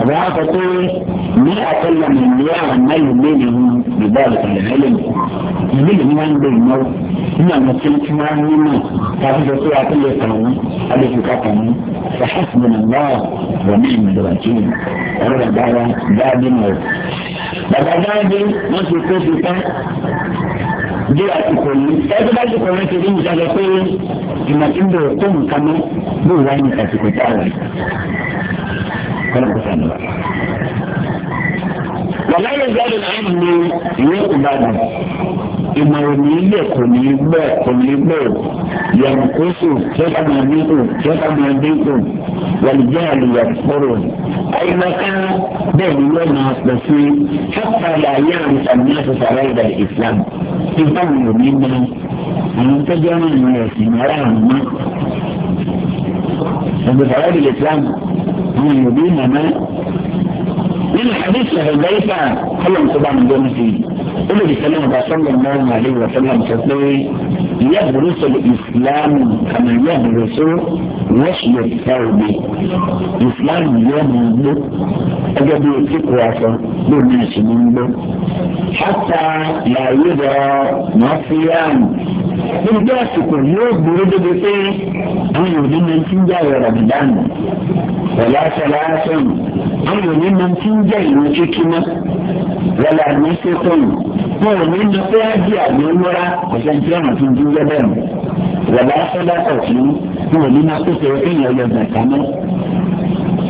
Speaker 1: àbí wọn sọ pé ní àtẹlẹ nàìjíríà àná ìlú ìlú ìbá ìpìlẹ̀ ẹlẹ́ ìlú ìlú máa ń gbé ìnáwó nínú àwọn tí wọn máa ń nínú káfí sọ pé àtẹlẹ kàwọn àdéfìkà kàwọn fàṣẹsì bẹ̀rẹ̀ náà wọ̀ ní ìmọ̀lẹ́wà kí ni ẹ̀rọ bàbá dáadé náà. bàbá dáadé wọn ti kó fi tán bí àsìkò yìí ẹgbẹ́ bá àsìkò yẹn ti rí nǹkan pé ìmọ̀ ń bọ̀ tó nǹkan mọ́ bó ní àsìkò táwọn. تنفس عنه ولا يزال الامر يقبل ان يميلكم يبعكم يبعكم ينقص كيف ما بيكم كيف ما بيكم والجهل يكفرون اي مكان بين يوم المسلمين حتى لا يعرف الناس فرائض الاسلام تفهموا منا أنت جميل يا سيدي مرام ما عند فرائض الاسلام من يبين ما من الحديث في البيت خلهم طبعا من دون فيه قل الله صلى الله عليه وسلم تقول يدرس الإسلام كما يدرسه wọ́ṣùlẹ̀ táwọ̀dé islam yóò mú gbó ẹgbẹ́ bí etí kò aṣọ lóò ní ìṣúná gbó. hátà làyé rọ mọ́fíàmù níbi tí àsìkò yóò gbòòrò débi pé àwọn yóò ní máa ti ń jẹ́ àwọn ràbìdánù pẹ̀lú aṣọ lásán àwọn yóò ní máa ti ń jẹ́ wọlé àmì wọn ò ní lọ pé á di àgbẹ̀ ńlọ́ra kò sẹ́ńtì wọ̀lá sọ́dá kọ̀ fún wọn ní máa pèsè kéèyàn yọ zàkà mọ́.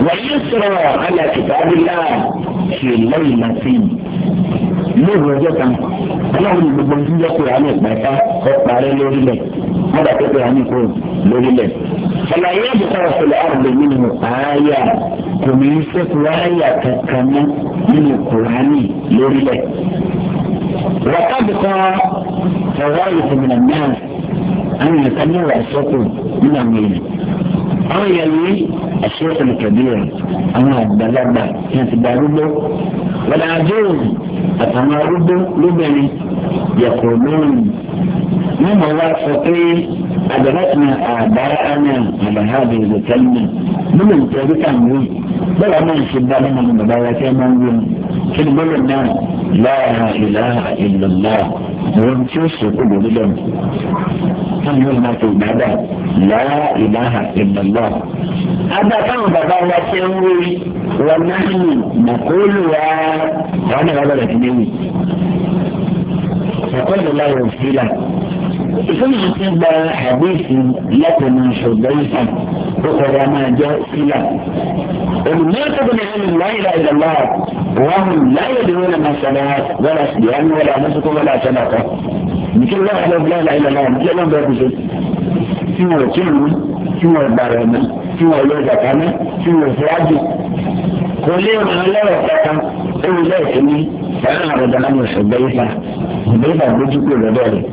Speaker 2: wọ́n sọ̀rọ̀ àlẹ́ kìtàbílà
Speaker 1: ṣe lẹ́yìn màsí lóòrù ọjọ́ kan ọlọ́run ní gbogbo ní yọkùnrin àmì ìpàtà ọ̀pá rẹ lórílẹ̀ wọ́n bá pépè àmì kò lórílẹ̀. ṣàlàyé àbùkù ọ̀sẹ̀lẹ̀ àrùbẹ̀ nínú ààyè kò ní í ṣètò ààyè kankan mọ́ nínú kùránì lórílẹ̀. wàtàbí kan ọ̀rọ̀ ìfòmìnà náà àwọn èèyàn kan ní ìwà àṣọkù nínú àwọn èèyàn àwọn èèyàn yìí àṣọkù kẹbí rẹ àwọn àgbàlagbà tí wọn ti gba arúgbó wọn àjọyọ̀ àtàwọn arúgbó lóbìnrin yẹ̀kọ̀ lónìí wọ́n mọ̀ wá sọ pé àdàbàtìmá àbára àná àbáhábì ìgbòkẹ́lìmọ̀ nínú ìtọ́jú kàmú bẹ́ẹ̀ wọ́n máa ń ṣe bá lọ́mọ ní bàbá wa tí wọ́n máa ń wí kí ni bọ́lọ̀ náà láàrá ìlàhà ìlọ́lá wọn tí ó sòkò lórí lọ́mọ táwọn yóò máa tó ìgbàdà láàrá ìlàhà ìlọ́lá. Adá táwọn bàbá wa ti ń wí wọn náà ní màkúlù wa àwọn náà wà bẹ̀rẹ̀ sí ní wí. فقال له رسولا ثم تبقى حديث لكم حذيفة أخرى ما جاء سلا المنافق من لا إله إلا الله وهم لا يدعون ما صلاة ولا صيام ولا نسك ولا صدقة مثل الله لا إله إلا الله مثل الله بيقول سوى كلمة سوى بارمة سوى يوزا كما سوى فراجي كل يوم على وقتا أولئك ẹ̀rọ àròdàlá ní ọ̀gbẹ́ ìfà ọ̀gbẹ́ ìfà gbójú kúrò lọ́dọ̀ rẹ̀.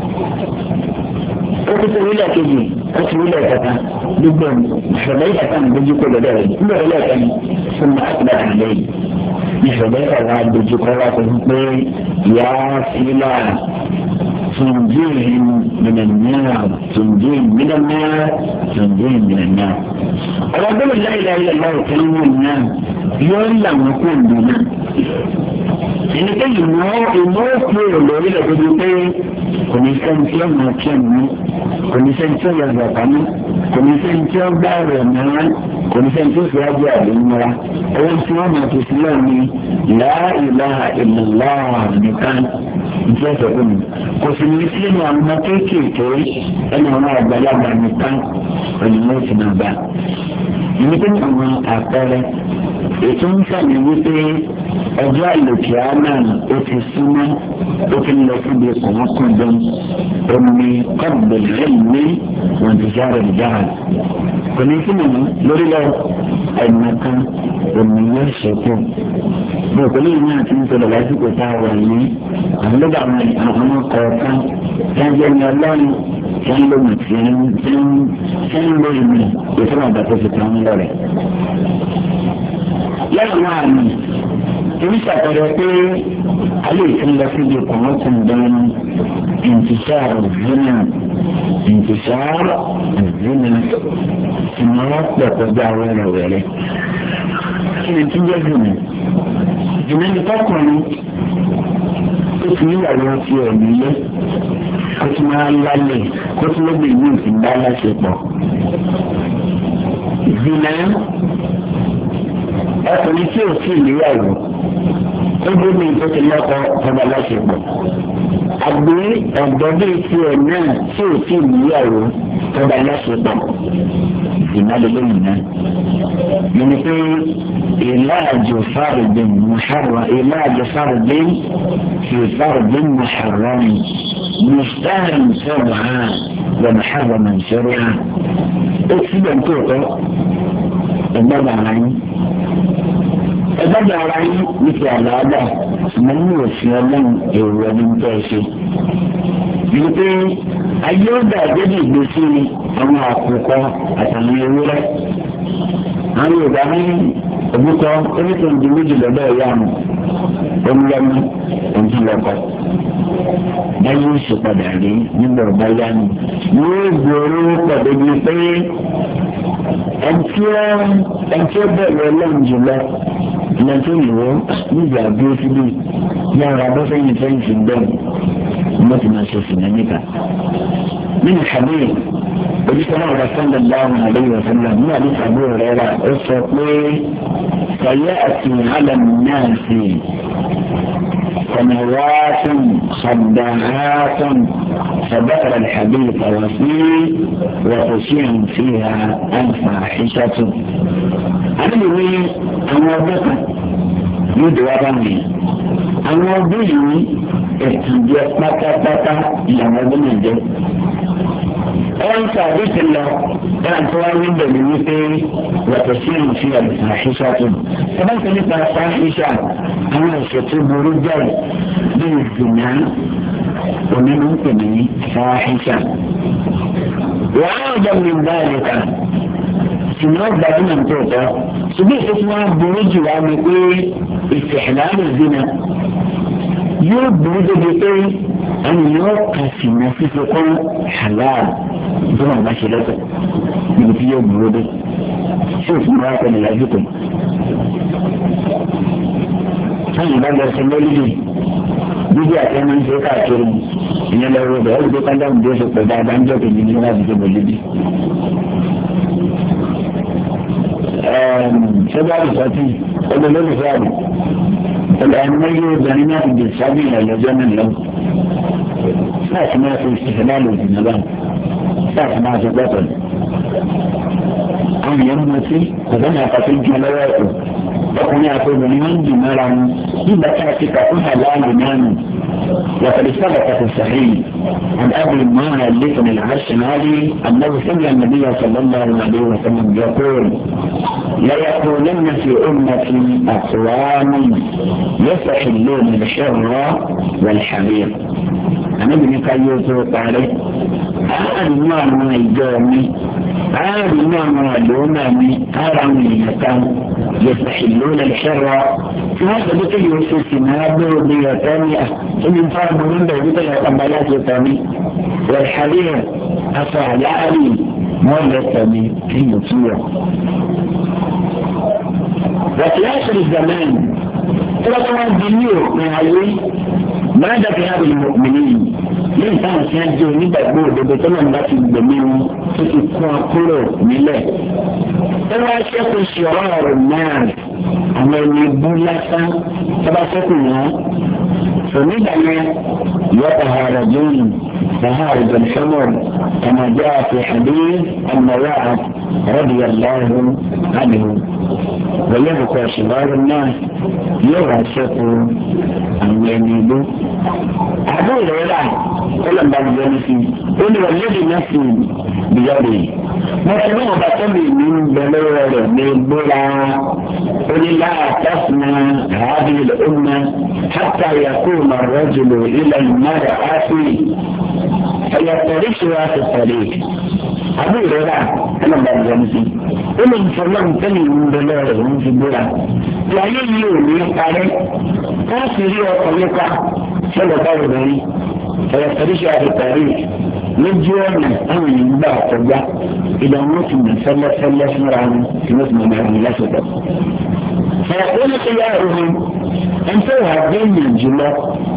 Speaker 1: ó ti tó wílẹ̀ kejì ó ti wílẹ̀ kẹta gbogbo ọ̀gbẹ́ ìfà kan gbójú kúrò lọ́dọ̀ rẹ̀ nígbà wílẹ̀ kan fún mi àti bàtà lẹ́yìn. ìṣọ̀gbẹ́ ìfà wa gbójú kọ́ wa sọ fún pé yàá sílá تنجيهم من النار تنجيهم من النار تنجيهم من النار ربنا لا إله إلا الله كلمة النار يولا نكون بنا ẹni pé ìmọ̀ ìmọ̀ òkú olórí rẹ̀ gbogbo pé kò ní sẹ́ni tí ó máa kí ẹ̀mí kò ní sẹ́ni tí ó yàgbà pamọ́ kò ní sẹ́ni tí ó gbá rẹ̀ mọ́ra kò ní sẹ́ni tí ó fi wájú àlè mọ́ra owó tí wọ́n máa fi sílẹ̀ ní láìláha ìlàlá nìkan ìjẹ́ ìṣẹ̀kùn kò sì ní nínú àwọn kéékèèké ẹnu àwọn àgbàlagbà nìkan òyìnbó ti máa bá nígbà àwọn àpẹẹrẹ ètò ń sàmì wípé ọjọ́ àlòkè àmàn ó ti súnmọ́ ó ti ń lọ síbi kọ̀ọ̀kọ̀dọ̀ omi kọ́ọ̀bù lẹ́yìnmí wọn ti járe járe kò ní sí mọ̀mọ́ lórí lọ ẹ̀nà kan omi yóò ṣètò bí òkú lẹ́yìn náà ti ń sọ̀rọ̀ tá a wà ní àwọn lọ́gbà àwọn ẹ̀yẹ̀yẹ̀ ọlọ́run tí ń lò mí tí ń tí ń lò mí ìfún ọ̀dà tó fi tán lọ rẹ̀. lẹ́yìn náà ni èmi ṣàpẹẹrẹ pé ayé ìfúnlẹ síbi kọ̀ọ̀kan dán انتشار الزنا انتشار الزنا سمعت لقضاء ولا ولا كنت تجد زنا زنا تكون tó fi níyàwó ti ẹ̀ nílé kó tí máa lálẹ̀ kó tí lóbi ìlú ti bá láṣepọ̀. ìdìnnà ọkùnrin tí ò sí ìléyàwó. obìnrin tó ti lọ́kọ ọba láṣepọ̀ àbí ọ̀dọ́ bíi tiẹ̀ náà tí ò tí ì níyàwó ọba láṣepọ̀ ìbálòpọ̀ nìyẹn nínú pé ìlàjò fáàrùbìn mùsàrùn ìlàjò fáàrùbìn fi fáàrùbìn mùsàrùn mùsàrùn sọ̀rọ̀ ha wọ̀mùsàrùn mùsàrùn ha ó síbẹ̀ ń tó tọ́ ẹgbẹ́ bàrà yín. ẹ ara yín ní ti àlàáda mo ní òfin ọlọ́run èrò ẹni tó ẹ ṣe. Ìlú ayé ó dà ìgbésí àwọn àkùkọ àtàwọn ewúrẹ́. Àwọn Yorùbá ní òbúkọ oníkan di méjì lọ́dọ̀ ìyá mi, olùlọ́mọ ojú Báyọ̀ ó ṣe rí nígbà ọ̀bá yá mi. Yóò gbòòrò pàdé bíi pé ẹ̀ńtí ẹ̀ńtí ó bẹ̀rẹ̀ ọlọ́run jùlọ. lọ́tọ́ ìwọ níbi àbúrò síbi yára abọ́sẹ́yìn fẹ́ǹsì gbọ́n wọ́n ti máa ṣe sìnà níta. nínú ìṣàbíyì ojúṣọlá ọ̀rọ̀ sọ́ndà dáhùn àlẹ́yìn ọ̀sánlá ní àdúgbò àbúrò rẹ̀ rà ó sọ pé kọ̀yẹ́ àti ìhálàmù náà sí سماوات خدعات فبئر الحديث وفيه وتشيع فيها الفاحشة àlejò ní àwọn ọgbẹ́ kan yóò dé wá bá mi àwọn ọgbẹ́ yìí ẹ̀sìn jẹ pátápátá ìyàwó ọgbẹ́ náà jẹ wọ́n sọ àdéhùn lọ ẹ̀rọ tó wá ní bẹ̀rẹ̀ wípé yàtọ̀ sí ìrìnsì àṣìṣà tó. ẹ bá sọ nípa àṣìṣà àwọn ẹ̀ṣẹ̀ tó burú jáde bí ìdùnnà onímọ̀ ń pè ní àṣìṣà. wàá ọ̀dọ́ mi bá ẹ̀ mùsùlùmí ọ̀gbàdúnà tó tọ́ ṣùgbọ́n èso tí wọ́n burú jù wá ni pé ìfẹ̀hìnàmì ìdínà yóò burú débi pé àwọn èèyàn kà sí ní fífi kún halal bí wọ́n bá ṣe lọ́tọ̀ níbi tí yóò burú dé tí òfin wa kọ́ ní lájú tó. táwọn ìbámu ọ̀sẹ̀ lọ́lẹ́dẹ̀ bíbí àtẹnu ń ṣe káàkiri ìyẹn lọ́wọ́ bẹ̀rẹ̀ ó gbé kándàmù tó ṣe pẹ̀lú àgbáńjọ́ kejì ní wọ́n á fi ṣe bọ̀lẹ́dẹ̀. سبع بساتين هذا له مثال الآن ميز زنيمات بالسابين إلى زمن له ساس ما في استهلال الجنبان ساس ما في بطل أن يمتي فبنى قتل جلواته فقنا أقول من جمالا إذا كانت تكون لا ينام وقد ثبت في الصحيح عن ابي العرش العشمالي انه سمع النبي صلى الله عليه وسلم يقول ليقولن في امتي اقوام يستحلون الحر والحرير عن ابن قيوس وطارق àwọn àdúgbò àwọn هذه النعمة لهم من أرم المكان يستحلون الشر هذا بكل يوسف ما أبدو بي ثانية ومن فرم من ذلك بكل أقبلات يتامي والحبيب أفعل علي مولى الثاني في يوسف وفي آخر الزمان ترى طبعا دنيو من علي mọ́lẹ́dà fi hàn mí mìíní yìí lẹ́yìn táwọn ṣe ń jẹ́ onígbàgbọ́ òdodo tó lọ́n bá ti gbẹ̀mí wọn tó ti kún wọn kúrò nílẹ̀. ẹ wá ṣẹ́kù sí ọ̀rọ̀ ọ̀rọ̀ náà àwọn ẹni bú lásán tó bá ṣẹ́kù wọn. فمنها يتهارجون تهارج الحمر كما جاء في حديث ان النواعث رضي الله عنه ويبقى شباب الناس يغسق أن يميلوا أبو هريرة قال بعد ذلك قل والذي نفسي ما مثلا بطل من بلور من بلع قل لا تصنع هذه الأمة حتى يكون يقوم الرجل إلى المرأة فيفترشها في الطريق àbí ìrora ẹnà bá ìjọ nìyí ó lè ń fọlọ́ nǹkan ìmúdọ́lọ́ rẹ̀ ń fi gbéra tí ayé yìí ò ní parẹ́ káàsì rí ọkọ̀ nípa sọ̀rọ̀ bá obìnrin ọ̀rọ̀ tẹ̀lifíṣẹ́ àtẹ̀tẹ̀rí lójú ọ̀nà àwọn èèyàn gbà ọ̀kọ̀gbá ìdánwò
Speaker 2: ọ̀pọ̀lọpọ̀
Speaker 1: ẹnitọ́ wà gbẹ̀yìn jùlọ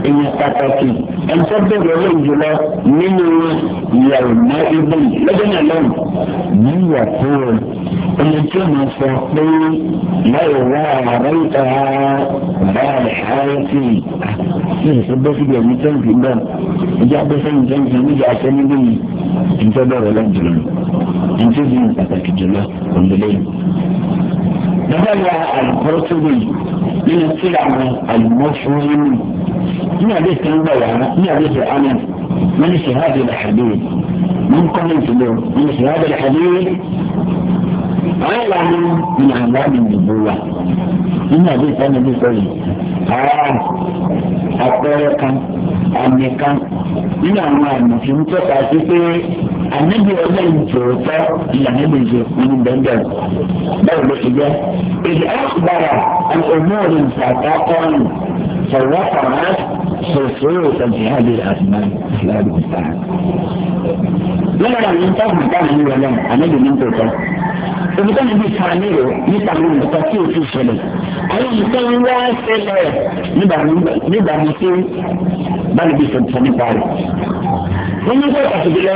Speaker 1: èèyàn pàtàkì ẹnitọ́ bẹ̀rẹ̀ lẹ́yìn jùlọ nínú ìyàwó náà ibẹ̀ lọ́jọ́ náà lọ́wọ́ yìí wà fún ọ ẹni tí ó máa sọ pé láì wá ààrẹ ìta báyìí ààrẹ sí i sí ìṣe bẹ́ẹ̀ sí ìgbẹ̀mí tẹ́ǹtì náà ìjà bẹ́ẹ̀ sẹ́yìn tẹ́ǹtì níjà àṣẹ nílé yìí ẹnitọ́ bẹ̀rẹ̀ lẹ́yìn jùlọ ẹnitọ́ bẹ̀rẹ̀ pàtàkì jùlọ òǹdẹ̀lẹ́yìn. نبلع القرطبي من السلع المسلم من حديث نبلع من حديث أنس من هذا الحديث من قبل من هذا الحديث wọ́n wà ní ìyàwó mi nìbó wa nínú àbí ìtàn níbi sọ̀rọ̀ àá àpẹẹrẹ kan àmì kan nínú àwọn àmì tí ń tọ́ka sí pé àníbi ọlọ́run tòótọ́ ìyàwó mi ṣe nínú bẹ́ńbẹ́ báwo ló ti jẹ́ èdè àkùbára àti òmùọ̀rùn ìfàtà kọ́ọ̀nù. فوقعت خصوصا في هذه الأزمان لا المستعان lára àwọn ohun táwọn ìgbà mi wọlé ànábì ní tòótọ́ òbítọ́ níbi ìsàmìlò níta àwọn nǹkan tí òtún ṣẹlẹ̀ àwọn nǹkan ń wá ṣẹlẹ̀ nígbà mi tí báyìí bí sọ̀tọ̀ nípa rẹ̀ wọ́n ní kó pàṣẹ jùlọ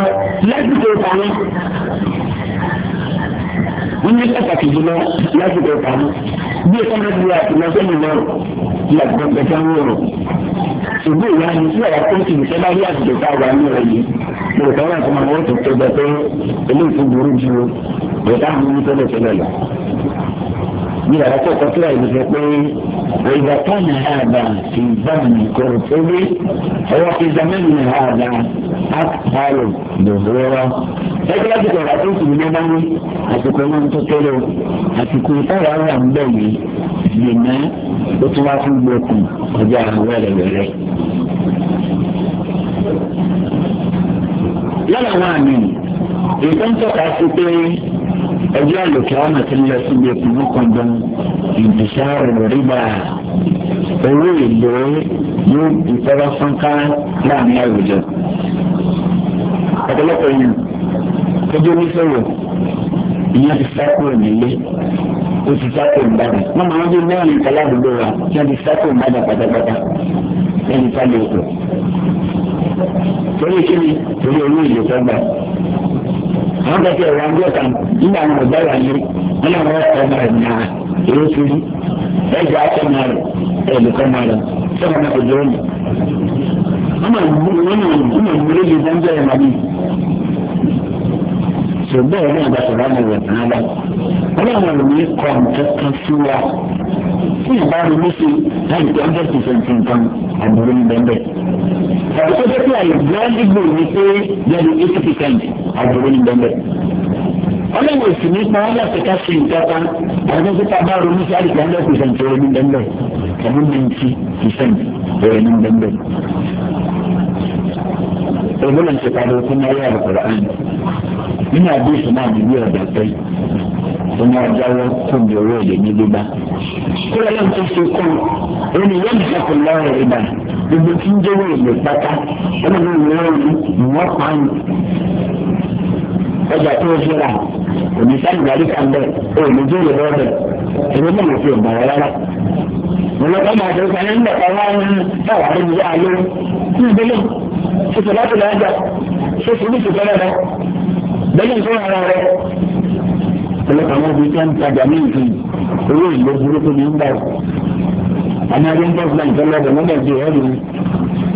Speaker 1: lásìkò ìpamọ́ ń bí pàtàkì jùlọ lásìkò ìpamọ́ bí ẹ̀ka máa di àtìlọ́sẹ́yìn náà làgbọ̀n pẹ̀tẹ́ ń wọ̀rọ̀. ṣùgbọ́n ìyá ni tí àwọn akóńtì ìṣẹ́ bá rí àtìkò tá a wà ní ọ̀rọ̀ yìí lè kọ́ láti máa wọ́n tó tó bẹ̀ pé eléyìí tó burú ju ìyá àwọn oníṣẹ́ bí ara tó kọ́ síra ìlú sọ pé ìgbà kan àdá fi zamani kọ̀rọ̀ sórí ọwọ́ fi zamani àdá àpàlù lòdòrò. ẹgbẹ́ láti kọ̀ ọ̀rọ̀ àtúntò ní ọba ní àsìkò náà ń tó tẹ́lẹ̀ o àsìkò ìtara wà ń bẹ̀ yìí gbìmọ̀ ó tún wá fún gbòkùn ọjà wẹ́rẹ́wẹ́rẹ́. yálà wọn àmì ìtọ́ńtọ́ka sí pé ọjọ́ àlòkè ọ̀nà tí ń lọ síbi ìpínlẹ̀ kọ̀ọ̀dán ìdìsáàrò rírà owó èlò ní ìfẹ́rẹ́ fúnká láàrin àwùjọ. ọ̀pọ̀lọpọ̀ yẹn ojú oníṣòwò ìyẹn ti sáko nílé ó ti sáko ìbàdàn wọn máa ń bí mẹ́rin kan ládùúgbò wa ìyẹn ti sáko ìbàdàn pátápátá lẹ́yìn ìtàlẹ̀ ètò. torí kí ni torí olú ìlú tó gbà àwọn bá tiẹ̀ wá ń jọ kan nígbà àwọn ọ̀gá wà ní wọn náà wọ́n kọ́ ọmọ rẹ̀ náà èrò sórí ẹ̀jẹ̀ àtọ́mọ rẹ̀ ẹ̀lùkọ́mọ rẹ̀ sọ́mọ náà kò dúró nù. ọmọ ìwúrí lè dán bẹ́ẹ̀ wà ní. ṣùgbọ́n ẹ̀rọ náà bàtà wà ní rẹ̀ náà ọlọ́run ọ̀rọ̀ mi kọ́ nǹkan sí wa fún ìbáraẹnisí láì tó hundred percent ó jẹ́ pé àìgbá dìgbò ní pé yẹnu eighty percent àbúrò ní bẹ́ẹ̀ ọlọ́wọ́ sì ní pa ọ́n láti ká sí ìjọba àwọn tó ta bá ronú sí àdìgbà hundred percent rẹ̀ ní bẹ́ẹ̀ tàbí ninety percent rẹ̀ ní bẹ́ẹ̀. Èmi náà ń ṣe pariwo fún ayé àlùkò rẹ̀ nínú àdéhùn náà ní ìwé ọ̀dà pẹ́yì ní ajáwọ́ fúnbi owó èlé ní bíbá.
Speaker 2: kúrò yóò tún fi kún
Speaker 1: un ní yóò jẹ́ kó lọ́rọ̀ ìbá gbogbo tí ń jẹ́wọ́ èlé pátá wọ́n ní ìwọ́n ní wọ́n pa ń. ọjà tó o ṣe rà òní sáà ìgbàlí kan bẹ́ẹ̀ òní jẹ́ ìlú ọ̀bẹ èmi náà mo fi ọ̀gbà rẹ rárá. mo lọ bá máa tó sọ ẹni nígbà wá ń bàwá lójú yá lóru ní ìdílé ṣètò láti lọ́jà ṣètò ní ìṣètò rẹ̀ bẹ́ẹ̀ ní ìṣòro ara rẹ̀ àwọn obìnrin tí wọ́n ń tajà ní ìlú owó ìlú burúkú ní ń báwò. àmì ẹgbẹ́ ń bọ́ fúlàn tó lọ́dọ̀ wọ́n bẹ̀ jẹ́ ẹ̀rù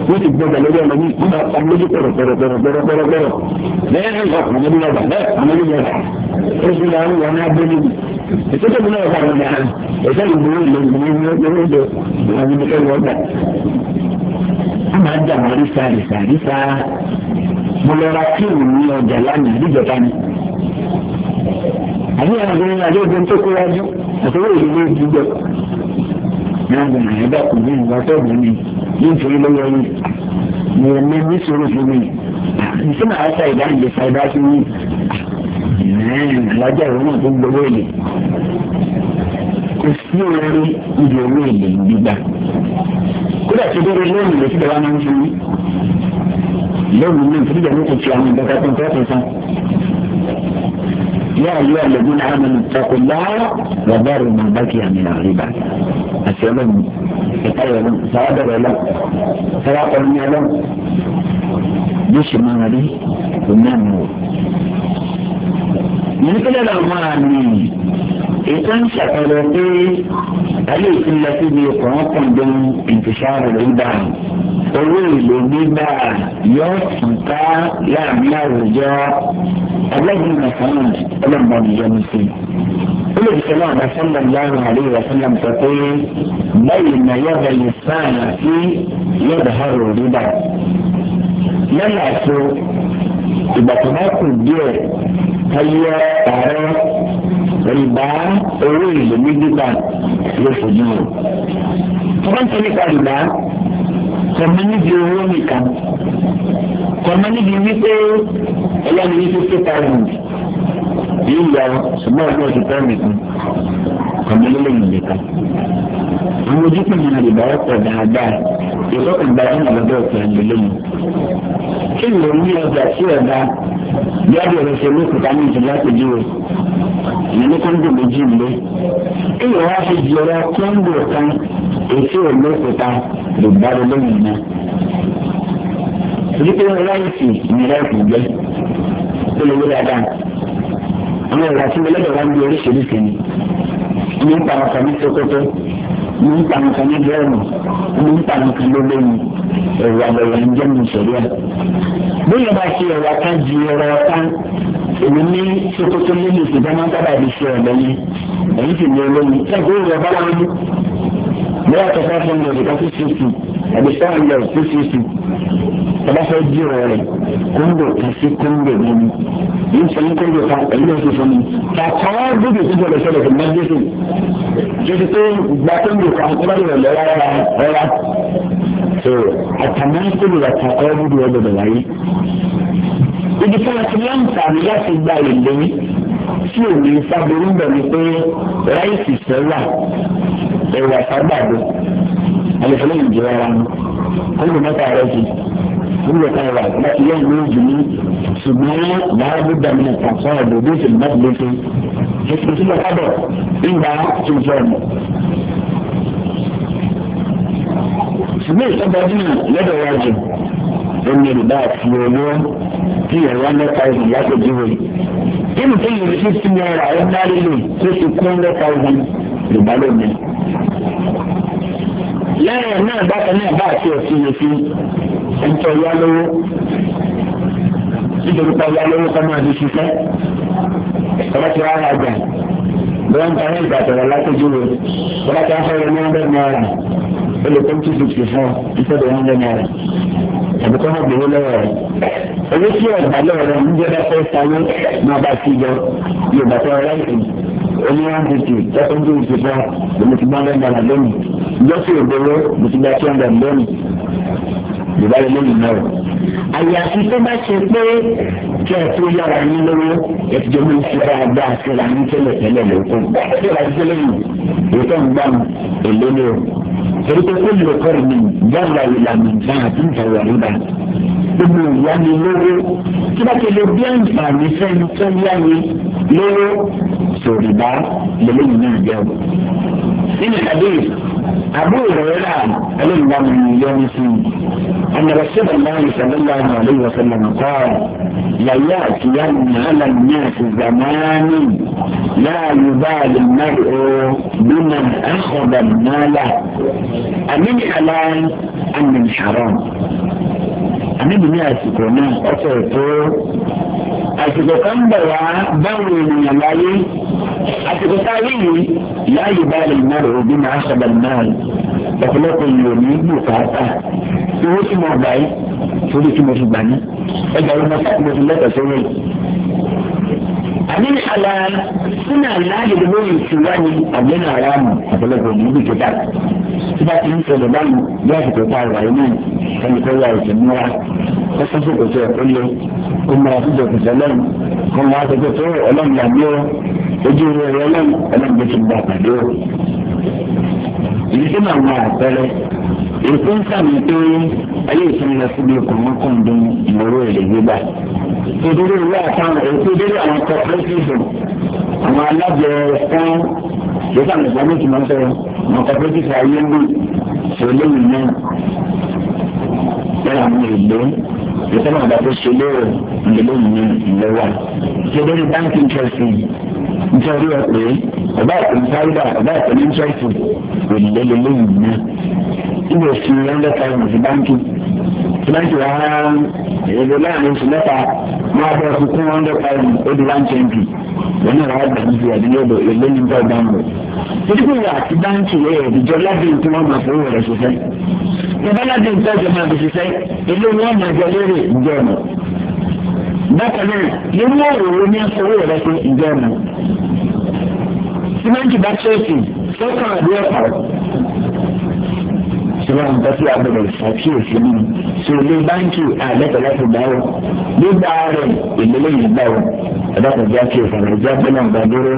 Speaker 1: wọ́n ti gbọ́dọ̀ lórí ọ̀nà yìí wọ́n bá pa lójú pẹ̀rọ̀pẹ̀rọ̀pẹ̀rọ̀pẹ̀rọ̀ bẹ́ẹ̀ ni ọkọ̀ àwọn ẹbí lọ́dà bẹ́ẹ̀ àwọn ẹbí lọ́dà ó sì máa ń wọ ní abẹ́lé mi ìtọ́jú mi náà wà lọ́dà ẹ̀ṣẹ́ ìgbòho ìlú ìgbòho ìlú àwọn ibi kẹ́wọ́ gbà. a máa ń jà wọ́n rísà rísà rísà mo lọ ra kí òun ní ọjà lánàá níjọba ni àbí àgbẹ̀rẹ̀ àjọ ìgbẹ́ tó kó wájú àtọwọ́ ìdílé ìdíjọ. náà gbọ̀n àyè bá kù ní ìgbà tó bù mí yóò fi lọ́wọ́ yìí ni ẹ̀ mẹ́ ní sọ̀rọ̀ fún mi. ìsúná àṣà ìdáǹdè fàdá sí mi. alájà ìwé náà tó gbowó èlé. kò sí orí ìdí owó èlé gbígbà. kódà tó dé lónìí lè fi dàgbà máa ń fún mi. lónìí tó dé lónìí kò fi يا أيها الذين آمنوا اتقوا الله وذروا ما بقي من الربا أسألهم أسألهم سواد ولا سواد من يعلم مش ما هذه ونعم من كل الأموال إذن شكرتي أليس التي يتوقع انتشار الربا owó ìlú gbígbà yóò لا ká رجاء ọlọ́run nìkan ọlọ́mọ nìyẹn ní sí. olùdíje náà bá sọ́nà láàrin àlẹ́ rẹ̀ sọ́nà sọ pé báyìí nà yọ̀bẹ̀ lè sáànà sí yọ̀bẹ̀ ha rò rí bá. lọ́nà àti ìgbà tó bá kù díẹ̀ ayé ààrẹ rìbá owó ìlú ní gbígbà ló fojú wọn. wọ́n ń tẹ́lẹ̀ ká rìbá kọ̀mọ́ níbi owó nìkan kọ̀mọ́ níbi wípé ẹlẹ́ni ní fifty thousand yìí lọ ṣùgbọ́n ọdún ọdún tán nìkan kọ̀mọ́ nílé nìkan. àwọn ojú kan máa lè báwọ́ pọ̀ dáadáa ìfọkànbá yẹn náà lọ́dọ̀ ọ̀pẹ̀ ẹ̀ńdẹ̀lẹ́yìn. kí ló ní ọjà sí ọ̀dà bí abẹ́rẹ́ ṣe ló kúta ní ìjọba àpèjú o ìyẹn ní kóńgò méjì lé. kí ló èsì olókùúta lè gbára lóyún náà. Torí pé ráìsì ni ráìsì gbẹ, ó lè wí dáadáa. Àwọn ìwà tí mo lọ́dọ̀ wá ń di oríṣiríṣi ni. Mo ń pa àwọn kan ní Sokoto, mo ń pa àwọn kan ní Gẹ́ẹ̀mù, mo ń pa àwọn kan ló lóyún. Ẹ̀rọ àbẹ̀wò ń jẹ́ mi sọ̀rọ̀ ẹ̀. Bóyá bá ṣe ẹ̀rọ ká ju ẹ̀rọ ká èmi ní Sokoto nínú ìsìnkú máa ń sábà bóyá tó five hundred ìka two fifty àbí four hundred two fifty ọba fẹ́ jí rẹ̀ rẹ̀ kóńdò kàṣí kóńdò nínú yìí ń sẹ́yìn kóńdò ká ẹ̀yìn náà ti fún mi kàkà wá gbọ́dọ̀ tó bọ̀lọ̀ sọ̀rọ̀ fún mẹ́jẹ̀sì jẹ́sí pé gba kóńdò ká ọba rẹ̀ lọ́wọ́ rárá so àtàmọ́ kóńdò àtàkọ́ gbọ́dọ̀ ọ̀dọ̀ wáyé ibi tí wọ́n ti wọ́n ń tà ní láti gba ìlú tí òní sábẹ́rú bẹ̀ ni pé ráìsì sẹ́wà ẹ̀wà àtàgbàdo àlùfẹ́lẹ́ ìjọra wọn kókò mẹ́ta rẹ̀ sí nílò kan wà láti yẹ ìlú òjò ní ṣùgbọ́n láàbù dàmínà kàṣà ọ̀dọ̀ bí ìṣèlú náà lè fi ètò sílẹ̀ kábọ̀ ìgbà tuntun ọ̀nà. ṣùgbọ́n ìtọ́jú ọdún lọ́dọ̀ wa jù omi ìdá àti owó tí ẹ̀rọ hundred thousand lápèjúwe. Inú tó yẹ fifty naira ọ̀dọ́ àlejò tó ti kún hundred thousand lè bá lómi lẹ́yìn náà bákan náà bá àti òsì yẹfi ẹ̀ńtọ́ ya lówó nítorí pa ya lówó kọ́ máa di ṣiṣẹ́ ọ̀rọ̀ ti rárá gbà bọ́n ta ní ìgbà tọ̀rọ̀ látọ̀jú rẹ̀ ọ̀rọ̀ ti afẹ́rẹ́ ní hundred naira olùkọ́ two sixty four instead of hundred naira àbí kọ́ máa gbèrú lọ́wọ́ rẹ̀ owó tí ọ̀gbà lọ́wọ́ rẹ̀ ń jẹ́ bá fẹ́ sáyé máa bá sí jọ Yorùbá tó ọ̀rẹ́ oní one fifty tẹ́kùn tó ti fa lèmi ti bá lẹ́yìn dàgbà lónìí jọ́sí òdòwó mo ti gba two hundred lónìí ìbálẹ̀ lónìí náà. àyàfi tó bá ṣe pé kí ẹ tó yára yín lówó ẹ ti jẹ́ mi fi bá a gbá àṣírà ní tẹ́lẹ̀ tẹ́lẹ̀ lókun. tí ìlà ìṣẹ́lẹ̀ yìí èyí tó ń gbà mí èlé ni o. torí pé kó lè kọ́ mi jáwé ìlànà náà àti ìtàwé àríwá. gbogbo ìyá mi lówó tí lówó sórí bá lélẹ́yìn náà jẹ́ o. nínú hadith àbúrò rẹ̀ rà ẹlẹ́yìn bá mi yọnu sí i. أن رسول الله صلى الله عليه وسلم قال لا يأتين على الناس زمان لا يبالي المرء بمن أخذ المال أمن حلال أم من حرام أمن من يأتي كونان أتوتو àsìkò kan bẹ̀ wá báwọn ènìyàn láyé àsìkò táyé yìí láàyè báyìí náà rò bí máa ṣẹlẹ̀ náà ọ̀pọ̀lọpọ̀ yìí ò ní bùkátà owó tí mo gbà yìí torí tí mo fi gbà ní ẹgbẹ̀rún mọ́tà mo fi lẹ́tọ̀ọ́ sórí àmì àlà sínú àlà yìí lórí ìṣúra ni àgbẹ̀nà ara mu àtọ́lẹ́gbẹ̀ẹ́ ní ibi ìkẹta tí bá ti ń sọ lọ́ba mu bí àsìkò tá a wà yìí náà ẹni tó wà òsè múra ó sọ́sọ́ kò tẹ ó lé ó múra fúnjọ kò tẹ lẹ́nu kó máa tó tó ọlọ́run làbí ó ojú rẹ̀ ọlọ́run ọlọ́run ló ti gbà pàdé ó. ìdí èkó ń sàmì pé ayé ìsinmi lọ síbi ìkùnmọ́kùndín ìmọ̀ró èlé gbígbà ìdúró ìwé àtàwọn èkó ìdúró àwọn cooperative àwọn alájẹ fún ìgbésà nìkan tí wọ́n fẹ́ àwọn cooperative ayé ń bì ṣòléyìn náà lọ́wọ́ àwọn èlé ìtọ́nà àgbà tó ṣe lóore ìlélẹ́yìn ní ìlẹ́wà ìṣèlérí báńkì ìtọ́sí nítorí ẹ pé ọba ìpínlẹ̀ ọba ìpínlẹ̀ ìtọ́sí ìlélẹ́yìn náà ibẹ̀ sí hundred thousand sí báńkì sí báńkì wà á èrò láàrin oṣù mẹ́ta ní wàá bẹ̀rẹ̀ fún two hundred thousand ó di one twenty wọn náà wàá gbà níbi àdúgbò ọ̀dọ̀ èlé ní bọ́ọ̀ dáńgò. títí ìwà àti báńkì rẹ̀ ìjọ ládé tí wọ́n máa fowó rẹ̀ ṣiṣẹ́. ìjọba ládé tí wọ́n máa fi ṣiṣẹ́ èlé ni máa jẹ lérè ìjọ ọ̀nà. bákan náà nínú òwò ní ìṣúná nǹkan tí a gbọdọ̀ ṣàkíyèsí nínú ṣòlè báńkì àlẹ́kọ̀ọ́ láti dáwọ́ gbígbà rẹ̀ ìlélẹ́ yìí dáwọ́ ẹ̀dọ́kọ̀ jẹ́ kí ìfọ̀rọ̀ jẹ́ gbọ́dọ̀ nǹkan dúró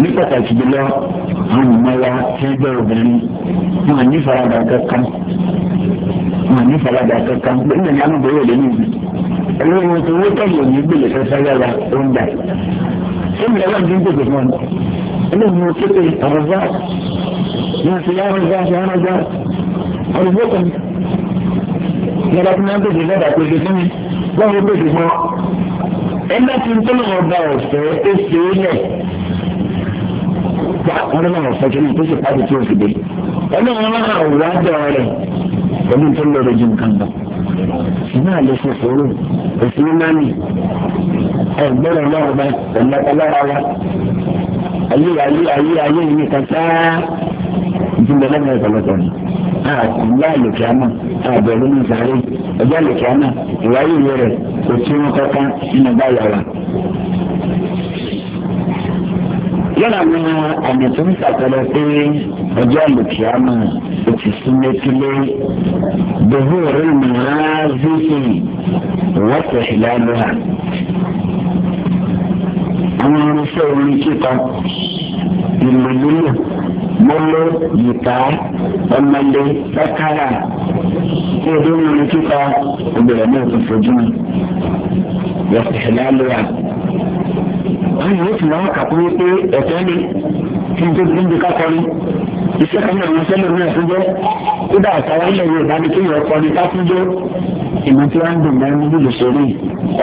Speaker 1: ní pàtàkì jùlọ àwọn ìmọ̀ya tí ń gbọ́ obìnrin wọn ní faradà kankan wọn ní faradà kankan gbẹ́ndẹ̀ ní amúgbòrò lẹ́nu ìlú olóyún tó wó tẹ̀lé òní gbèlè fẹ́fẹ́ yára ó ń dà ẹ̀rọ ń dín tètè fún ọ olùgbò kan yàrá tí wọn bèbè lọ́dà pèsè fún mi wọn ò bèbè mọ́ ẹgbẹ́ tí ń tọ́lọ̀ ọba ọ̀fẹ́ ó ṣe é lẹ̀ wá wọn náà ọ̀fẹ́ kí ni tó ṣe pàdé tí ó fi dé ọlọ́run náà wà á dọ̀ rẹ̀ pẹ̀lú tó lọ́rọ̀ ju nǹkan lọ náà lè ṣe fòrò òfin mánì ẹgbẹ́rún náà ọba ọ̀nà ọlọ́ra wa ayé ayé ayé ayé nìkan sáá ìtumọ̀ lẹ́gbẹ̀ẹ́ ọ̀pọ̀lọpọ̀ ni àtúndà àlòkè àmà àbẹ̀rù ní sàárè ọjọ́ àlòkè àmà ìwáyé ìwé rẹ̀ kò tí wọ́n kọ́kọ́ nínú báyà wa. yọ́nà àwọn àmì tó ń sàkọlẹ̀ pé ọjọ́ àlòkè àmà ó ti súnmẹ́tílé bẹ̀rù rẹ̀ mìíràn zíkì wọ́n tẹ̀sí lálẹ́ àwọn irinṣẹ́ orin kíkọ ìlú lílò mọ́lọ́ yìká ọmọlé bákàrà tí o bí wọn ní kíkọ obìnrin náà tó fojú mi yọ̀sẹ̀ lálẹ́ à. wọ́n yóò fi wọn kà fún pé ẹ̀fẹ́ mi kí n tó gbé níbi kákọrin iṣẹ́ kan náà wọ́n sẹ́lẹ̀ náà tó jẹ́ kódà àtàwọn ilẹ̀ Yorùbá ni kí yọ̀ọ́ kọrin ká fún jẹ́ tí wọ́n ń dùn mọ́ ní bíbélì sórí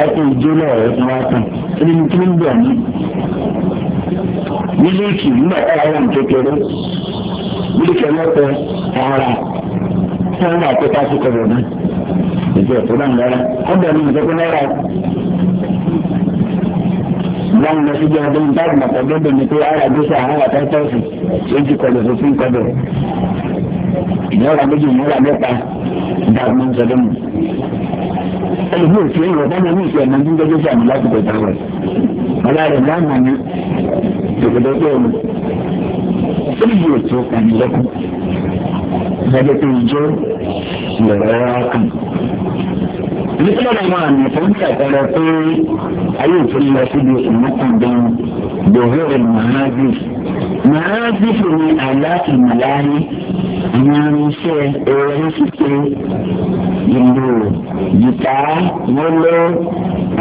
Speaker 1: ẹ̀kọ́ ìjọ́lọ̀ wa tán kí ni kí ni ń bẹ̀ mí mílíkì nígbà tá a wà ní kékeré mílíkì ọlọ́pẹ ara fún ọgbà tó tá a ti kọ̀wé náà ìjọ ìfúnná náírà ọgbà mi ìjọba náírà láwọn lọ síbi ọdún ní táàbù màtà gbọ́dọ̀ ní pé ara gbèsè àwọn àtàtàọsì èjì kọlù fífún kọlù ìnáwó méjì ìnáwó mẹ́ta dàgbà ń sọdọ mu ẹlòmíì òfin ìwọ bá mi ní ìfẹ́ ẹ̀nà ní gbẹgbẹsẹ àmì láti gbẹgbẹ rẹ ọlá rẹ náà mọ ìṣòkòtò bẹ́ẹ̀ ni ó yẹ ètò ìlẹ́kùn lọ́jọ́ tó ń jó lọ́rọ̀ kan. nítorí àwọn àmì tó ń ṣàpẹẹrẹ pé ayé òfin lọ síbi ìmọ̀kàndán dòhóre màháàbí màháàbí fún mi àláàfin màláyé àwọn irinṣẹ́ orin ṣíṣe ìlú jìtá mọ́lẹ́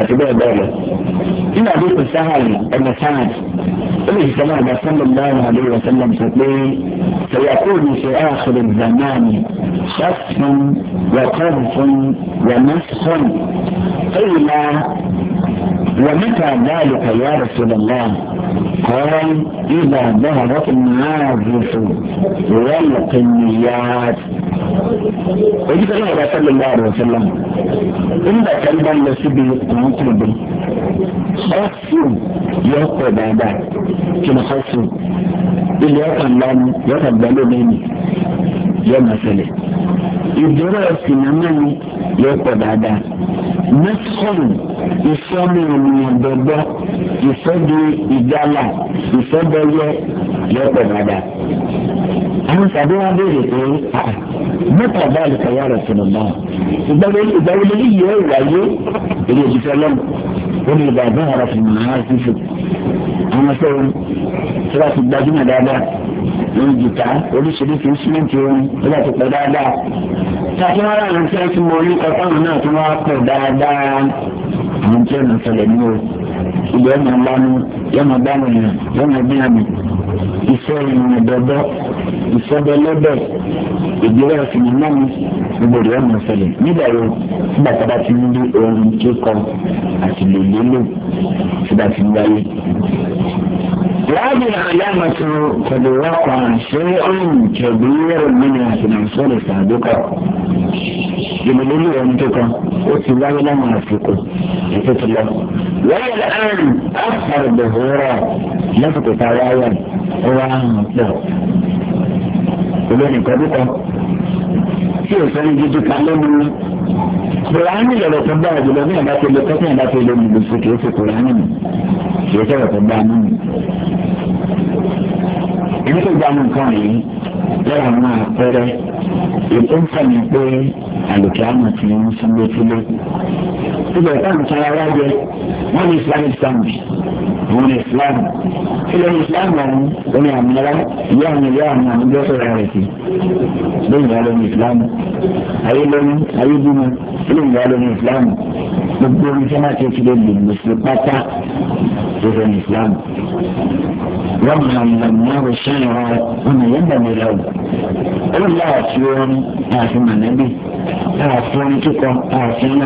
Speaker 1: àti bẹ́ẹ̀ bẹ́ẹ̀ lọ. nígbà tó kò sáhàlì ẹ̀mẹ̀ sáhàlì. السلام صلى الله عليه وسلم تقول سيكون في آخر الزمان خسف وقذف ومسخ قيل ومتى ذلك يا رسول الله قال إذا ظهرت المعازف والقنيات èyí tẹ́lẹ̀ ọ̀rọ̀ sẹ́lẹ̀ ń bá ọ̀rọ̀ sẹ́lẹ̀ nígbà tẹ́lẹ̀ bá ń lọ síbi ìwọ̀n tó dé ọ́fíìn yọ pọ̀ dáadáa kí ni ọ́fíìn ilé ọkàn bá mi yọkàn gbá lónìí mi yọ máa ṣẹlẹ̀ ìdúró ẹ̀sìn náà mi yọ pọ̀ dáadáa mẹ́tọ́ọ̀nù ìfọ́nù ènìyàn gbẹgbẹ́ ìfẹ́ di ìgbàlà ìfẹ́ bẹ́yẹ yọ pọ̀ dáadáa àwọn sàbí wọn béèrè pé ah, mẹ́ta báyìí kàyà rẹ fún un náà ìgbàgbọ́ ìgbàgbọ́ lórí yìí ó wáyé èrè òjijì ọlọ́mù ó ní ìgbàgbọ́ ọ̀rọ̀ fún un náà fífò àwọn sẹ́wọ̀n tí wọ́n ti gbajúmọ̀ dáadáa lórí jìtá oríṣiríṣi ìṣúmẹ́ǹtì orin tí wọ́n ti pẹ́ dáadáa tàbí wọn rà ní sẹ́yìn tí mo rí ọ̀pọ̀lọpọ̀ náà tí wọ́n á dáadáa àwọn tí wọ́n sọ̀rọ̀ ní o ìgbà yẹn máa bá mi yẹn máa bá mi yẹn yẹn máa bí ìsọdọlẹ́bẹ̀ ìgbéra ìsinmi náà gbogbo rẹ̀ ọ̀nà ṣẹlẹ̀ níbẹ̀rẹ̀ sígbà tí a bá ti ń lé orin kíkọ àti lèlé lò sígbà tí ń wáyé. وهذه العلامة قد وقع شيء كبير من العنصر السابقة يقولون أنتقى وسواه لما أفقه يفت الله
Speaker 2: وهي الآن
Speaker 1: أكثر ظهورا لفت تعالى وعنصر olóyìn kọ́dúkọ́ tí o sẹ́ni gidi kan lẹ́nu ní. Kùránì lọ̀rọ̀ tó bá àjùlọ ní ẹ̀dá tó lè kọ́ fún ẹ̀dá tó lè lùlù sí kìí fi Kùránì mi kìí sọ̀rọ̀ tó bá a nínú. Èmi tó gba nǹkan yìí lára àwọn àpẹẹrẹ ètò ń fàmì pé àlùkè àmọ̀ tí wọ́n sún létílé. ibẹ̀ táwọn sára wá jẹ wọ́n ní islamic stamp wọ́n ní islam ilé islam ọ̀hún ó ní àmì ara ìyá àwọn ìyá àwọn àwọn ìjọ sọ̀rọ̀ rẹ̀ sí. lóyún ìyá ló ní islam ayé lóyún ayé bímọ lóyún ìyá ló ní islam gbogbo orin tí wọ́n ti fi lè lè lè ṣe pátá lóyún islam. ومن لم يرسلها هم يمن لو إلا أسيون أسمى نبي أسيون كتا أسيون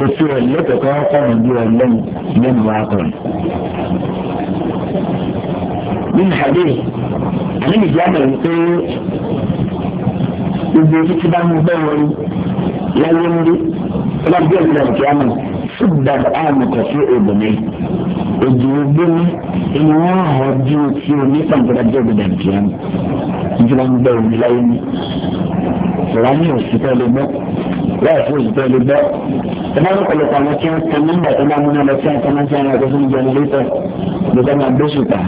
Speaker 1: كتير لتكا كان يوم لم لم واقل من حديث أنا جامع القيوت يبدو كتبا مبين لا يمدي لا يمدي القيامة سبب آمك سوء بنيه òjò gbóni ẹni wọn họ bí o ti o ní pàǹtàkì jẹ́ òbí dàbíyá mi nítorí wọn gbẹ omi láyé mi ọ̀rọ̀ ní òṣìṣẹ́ lè gbọ́ láìpẹ́ òṣìṣẹ́ lè gbọ́ ẹ bá ní pẹ̀lú pàmò kí wọ́n tẹ nígbà tó bá múná lọ sí àtọ́nà sí ara ẹ̀kọ́ fún jẹnẹrétọ̀ lọ́dọ̀ máa gbé ṣùtà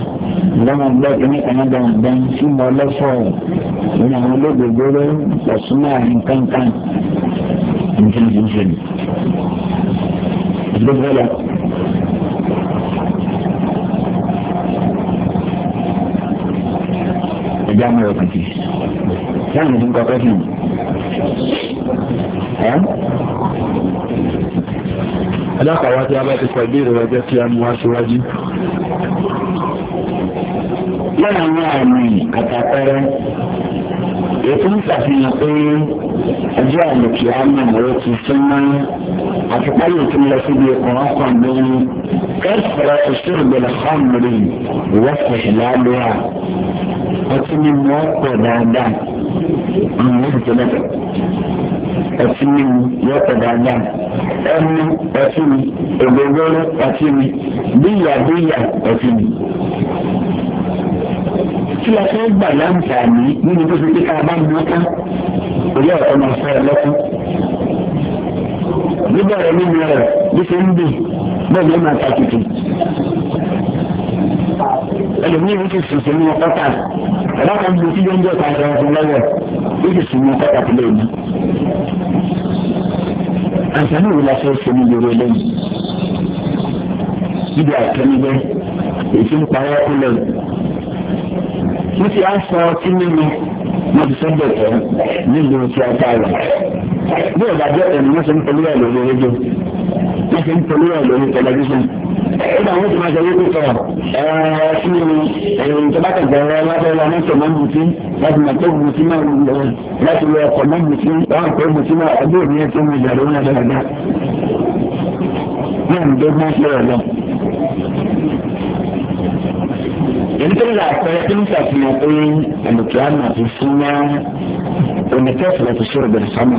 Speaker 1: lọ́dọ̀ máa gbọ́ ẹni kan náà dáhùn gbọ́n sí mọ́ ọlọ́fọ̀ọ́ ní àwọn olóògbé gbọ́dọ̀ pọ̀súnmọ́ àrùn kankan nǹkan ìṣẹ̀lẹ̀. ẹja mọ ẹkùn sí láti ní kọ pẹ́ fún ẹ. alákàwá tí a bá ti sọ ìbéèrè rẹ jẹ́ kí a mú wá síwájú. lára àwọn àmì àtàkọ́rọ́ ètò ń ṣàfihàn pé ọjọ́ àlòkè àmọ̀ràn ti súnmọ́ àtìpáyé tó ń lọ síbi ọkàn ọkàn lórí kẹ́sìtìrọ̀ ìṣòro ìgbẹ̀lẹ̀ fáwọn mìíràn wọ́n fẹ̀yìn ọtí mímu ọ̀pọ̀ dáadáa àwọn yóò tó lẹ́fẹ̀. ọtí mímu yóò pọ̀ dáadáa ẹnu ọtí mi ògógóró ọtí mi bíyàbíyà ọtí mi. tí a fẹ́ gbà láǹfààní nínú tó fi pé ká bá mú ká orí ọ̀tọ́ máa fẹ́ ẹ nígbà rẹ̀ nínú rẹ̀ bí ṣe ń bì bẹ́ẹ̀ ló máa ta kìkì ẹlòmíì ti sùn sínú ọkọ̀ tà bákan ní kí yóò ń jẹ́ ìtajà ọ̀sán lọ́wọ́ ó sì sùn wọn pàtàkì lónìí. àǹfààní wo la fẹ́ ṣe ní ìlú eléyìí níbi àtẹnugbẹ́ èyí ń parọ́ kúlẹ̀ wọ́n ti á sọ ọtí nínú wọ́n ti sọ́dọ̀ tẹ̀ nílùú tí a ta rẹ̀ bí ọ̀gá jẹ́ ẹ̀mí wọ́n ṣe ń pẹ̀lú ẹ̀ lórí rédíò wọ́n ṣe ń pẹ̀lú ẹ̀ lórí tẹlifíṣàn nígbà wọn ti máa ṣe wípé sọ ẹ̀rọ sí ẹ̀yìn tó bá tẹ̀gbẹ̀ ẹ̀rọ lábẹ́ ẹ̀rọ mọ́tò máa ń bùtí láti máa tó bùtí máa ń lọ láti lọ ọkọ̀ máa ń bùtí láwọn pé bùtí máa ọdún òní ẹ̀ tó ń jà lórí ẹ̀rọ ẹ̀dá. náà ń dé máa ṣe ọ̀dọ́. èyí tó ń là àpẹẹrẹ tó ń ṣàfihàn pé àlùkò àmà ti fún wa onítẹ̀sílẹ̀ ti ṣòro bẹ̀rẹ̀ sámà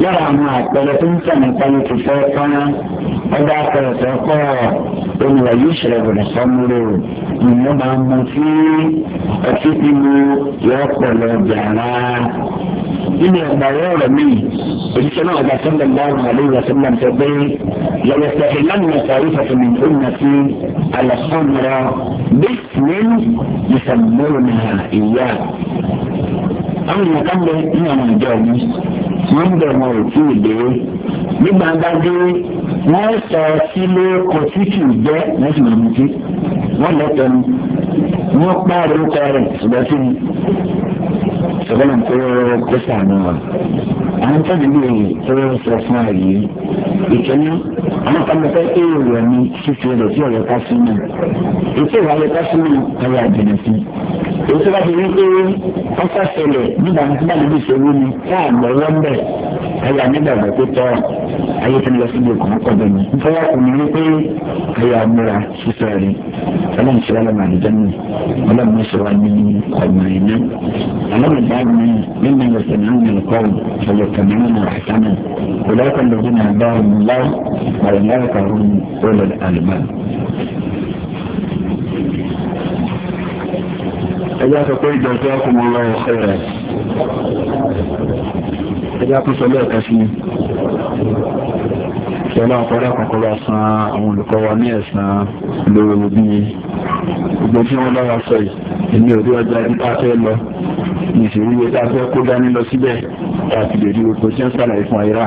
Speaker 1: lára àwọn àpẹẹrẹ tó ń sàmì pálí ti fẹ́ kọ́nà ọba àpẹẹrẹ tó kọ́ olùwà yìí ṣẹlẹ̀ bọ̀dọ̀ sọ́múlò ìyẹn máa mú sí ọtí mímu yọ pẹ̀lú jàrá. nínú ọgbàrá ọ̀rọ̀ mi òṣìṣẹ́ náà ọba sọ́dọ̀ gbọ́rùn àlejò àṣẹ́gbà sọ pé yọ̀wọ̀ sẹ́yìn lánàá sàrí fàtìmí ìnà sí àlàsọ́mọ̀rọ̀ bí àwọn èèyàn kan lè ní àwọn ìjọ mi wọ́n ń bẹ̀ wọn ò tí ì dé nígbà bá dé wọ́n sọ sílé kọtí kì í jẹ́ wọ́n sì máa mutí wọ́n lọ́tọ̀ ni wọ́n pààrọ̀ orúkọ rẹ̀ ṣùgbọ́n sí ni ṣùgbọ́n kó kó sàánú wa àwọn tó dìbò yìí tó ń sọ fún ẹ yìí ìkíní àwọn kan bẹ fẹ́ pé èrò mi fífi rẹ̀ sí ọ̀rẹ́ kásínà ètò ìwà ọ̀rẹ́ kásínà ọ̀rẹ́ àjẹnà sí ètò ìwà ti rí pé ọ̀sẹ̀ ṣẹlẹ̀ nígbà tí bá níbi ìṣòro ni káà gbọ́ wọ́n bẹ̀ ẹ̀yà nígbàgbọ́ pé tọ́ ayé tí ń lọ síbi òkú ọkọ̀ bẹ́ẹ̀ ni nítorí ọkùnrin wípé ẹ̀yà múra sísọ rẹ̀ ọlọ́run ṣe lọ́mọ àdìjọ́ mi ọlọ́run ṣe wá ní ọmọ iná ọlọ́run bá mi nínú ẹ̀sẹ̀ náà ń lọ kọ́ ọ̀yọ̀ kàmínú náà àtàmì ọlọ́kọ̀ lójú náà bá ọmọ láwọn ọ̀rọ̀ láwọn kàrún ó lọ àlùbá ẹjá sọ pé ìjọ tó kù mọ́ lọ ẹ̀rẹ̀ ẹjá kú sọ lẹ́ẹ̀kan sí i sọlá ọkọlá kọ́kọ́ bá san àwọn olùkọ́ wa ní ẹ̀san lórí bí gbogbo tí wọ́n bá wa sọ yìí èmi ò rí ọjà nípa fẹ́ lọ ìṣèlú yẹn tá a fẹ́ kó dání lọ síbẹ̀ láti lè rí gbogbo tí wọ́n sàlàyé fún ayé rà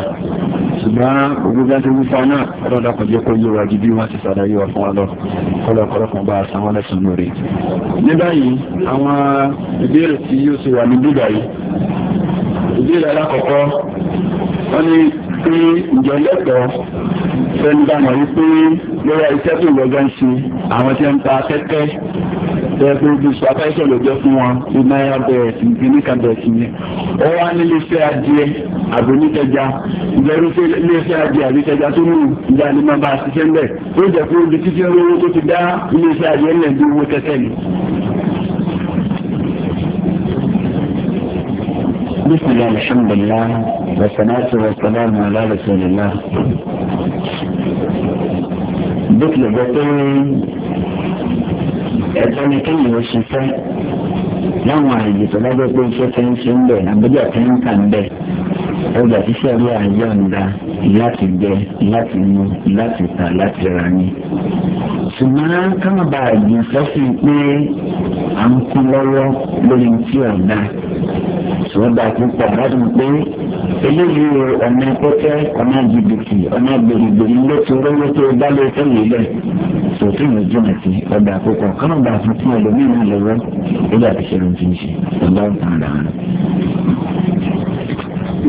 Speaker 1: ṣùgbọ́n gbogbo bí wọ́n ti wú fún náà ọlọ́dà kò jẹ́ kó yé wa ju bí wọ́n ti sàlàyé wa fún wa lọ kọ́lọ́ kọ́lọ́ kan bá a san wọ́n lẹ́sùn lórí. ní báyìí àwọn ìbéèrè wọ́n ní pé ìjọ lẹ́tọ̀ọ́ fẹ́ni bá mọ̀ wípé lórí iṣẹ́ tó lọ́jọ́ ń ṣe àwọn tí ń ta tẹ́tẹ́ tẹ́ pé bí supapẹ́sọ̀ ló jẹ́ fún wọn bí náírà bẹ̀rẹ̀ sí ní nìkan bẹ̀rẹ̀ sí ní. ó wá nílé iṣẹ́ adìẹ àbò nítẹja ìjọba ṣe ilé iṣẹ́ adìẹ àbí tẹja tó lù ìjà ni máa bá a ṣiṣẹ́ ń bẹ̀ ó jẹ́ pé ó di títí owó tó ti dá ilé iṣẹ́ adìẹ lẹ̀ bí owó tẹ́tẹ́ ni. بسم الله الحمد لله والصلاة والسلام على رسول الله bókìlẹ̀ gbọ́ pé ẹ̀tọ́ ni kéèyàn ó ṣiṣẹ́ láwọn àyè tó lábẹ́ pé iṣẹ́ tó ń ṣe ń bẹ̀ àbújá tó ń kà ń bẹ̀ ọjà ṣíṣe rí àyè ọ̀ǹda láti jẹ láti mu láti tà láti rà ní. ṣùgbọ́n káwọn bá àjùsọ́sìn pé à ń kú lọ́wọ́ lórí tí ọ̀dà ṣùgbọ́n bá a ti pọ̀ bá dùn pé eléyìí ọ̀nà pẹ́pẹ́ ọ̀nà jìbìtì ọ̀nà gbèrègbèrè ló ti rówó tó bá lè fẹ́lẹ̀ lẹ̀ sòtún ìwé jìnnà sí ọ̀dà àkókò kọ́nà bá a fún fún ẹlòmíràn lọ́wọ́ ilé àtìṣe ló ń ṣe ọ̀dà ọ̀tàn rà wọn.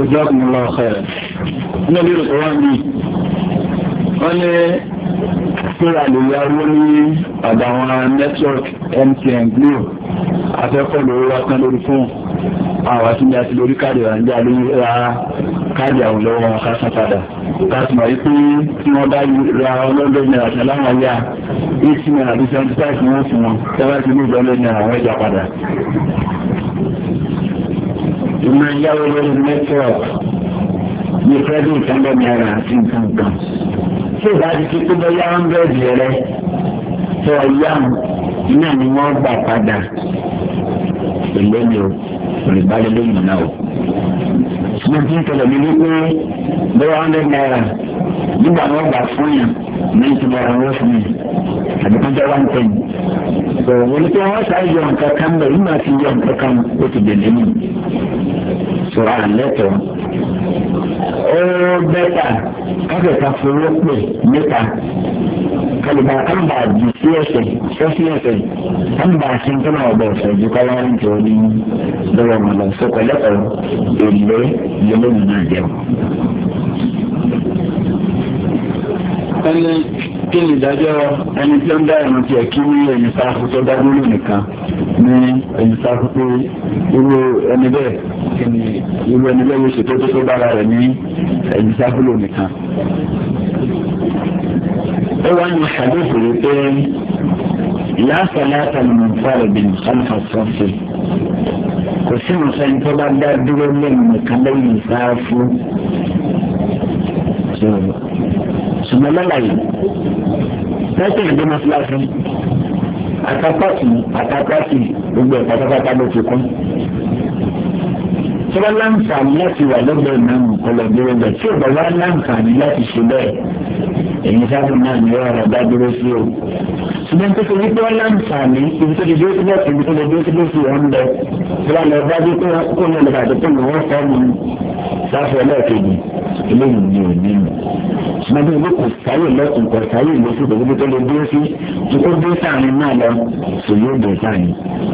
Speaker 1: ìjọba mi lọ ọ̀hẹ́ ẹ̀ sora lè yáwó ní ọ̀dà àwọn network MTN Glo afẹ́kọ̀ lówó wá lórí fóònù àwọn àti àti lórí káàdì rà ń jà lórí ra káàdì àwọn lọ́wọ́ wọn ká san padà láti mọ̀ wípé tí wọ́n bá ra ọlọ́dọ̀ àti seventy five ni wọ́n wọn tẹ́wá sí ní ìdánlẹ́ náírà àwọn ẹja padà. ìmọ̀ ìyáwó lórí network ní credit ń àti nǹkan kan. tí ìgbà ti fi kú bóyá hundred rẹ tó ọyá náà ni wọ́n gbà padà èlé ni o olùbálẹ́lẹ́yìn náà o. mo ti ń tẹ̀lé mi wípé bóyá hundred naira nígbà wọn gbà fún yàn ní ti bọ̀ ọ̀rọ̀ fún mi àbí kó jẹ́ one ten. òwò ní pé wọ́n sáré yọ nǹkan kan bẹ̀ nígbà tí yọ nǹkan kan ó ti dè lẹ́yìn. sọ̀rọ̀ àlẹ́ tọ̀ ó bẹ́tà kákẹ́ka fowó pè níta kálíbà kálíbà jù sí ẹsẹ̀ sẹ́sí ẹsẹ̀ kálíbà sí tó náà ọ̀bọ̀ ọ̀sẹ̀ ju kọ́lá ń jọ ní lọ́wọ́ wọn lọ sọ èlé lélẹ́yìn náà jẹun kan ní kí ni ìdájọ́ ẹni tí ó ń dá ìrìn tiẹ̀ kí ní ẹni sáfù tó dá lórí nìkan ní ẹni sáfù pé irú ẹni bẹ́ẹ̀ kí ni irú ẹni bẹ́ẹ̀ yóò ṣe tó tó tó bára rẹ̀ ní ẹni sáfù lò nìkan. ó wá ní àdéhùn rẹ̀ pé ìyá àfọlá àtàlùmọ̀ fáre bìn kálífà sọ́ọ̀sì kò sí nǹkan tó bá dá dúró lẹ́nu nìkan lẹ́yìn sáfù sí o ṣùgbọ́n lálàyé tẹ́sán ìdí mọ́síláṣí àtàkọ́sì àtàkọ́sì gbogbo ẹ̀ pátápátá ló fi kún. tí wọ́n láǹfààní láti wà lọ́gbẹ̀ẹ́ náà kọlọ̀ dúró bẹ̀ tí òbọ̀ wá láǹfààní láti ṣe bẹ́ẹ̀ èyí sábà náà ní wọ́n rọ̀ bá dúró sí o. ṣùgbọ́n tó ti wípé wọ́n láǹfààní ibi tó ti dúró síbẹ̀ sí ibi tó ti dúró síbẹ̀ sí wọ́n lọ eléyìí ni ò ní mọ̀ ṣùgbọ́n bí kò sáyè lọ́kùn kò sáyè lọ́sùn kò síbi tó lè dúró sí tí kò dé sáàrin náà lọ sì yóò dé sáàrin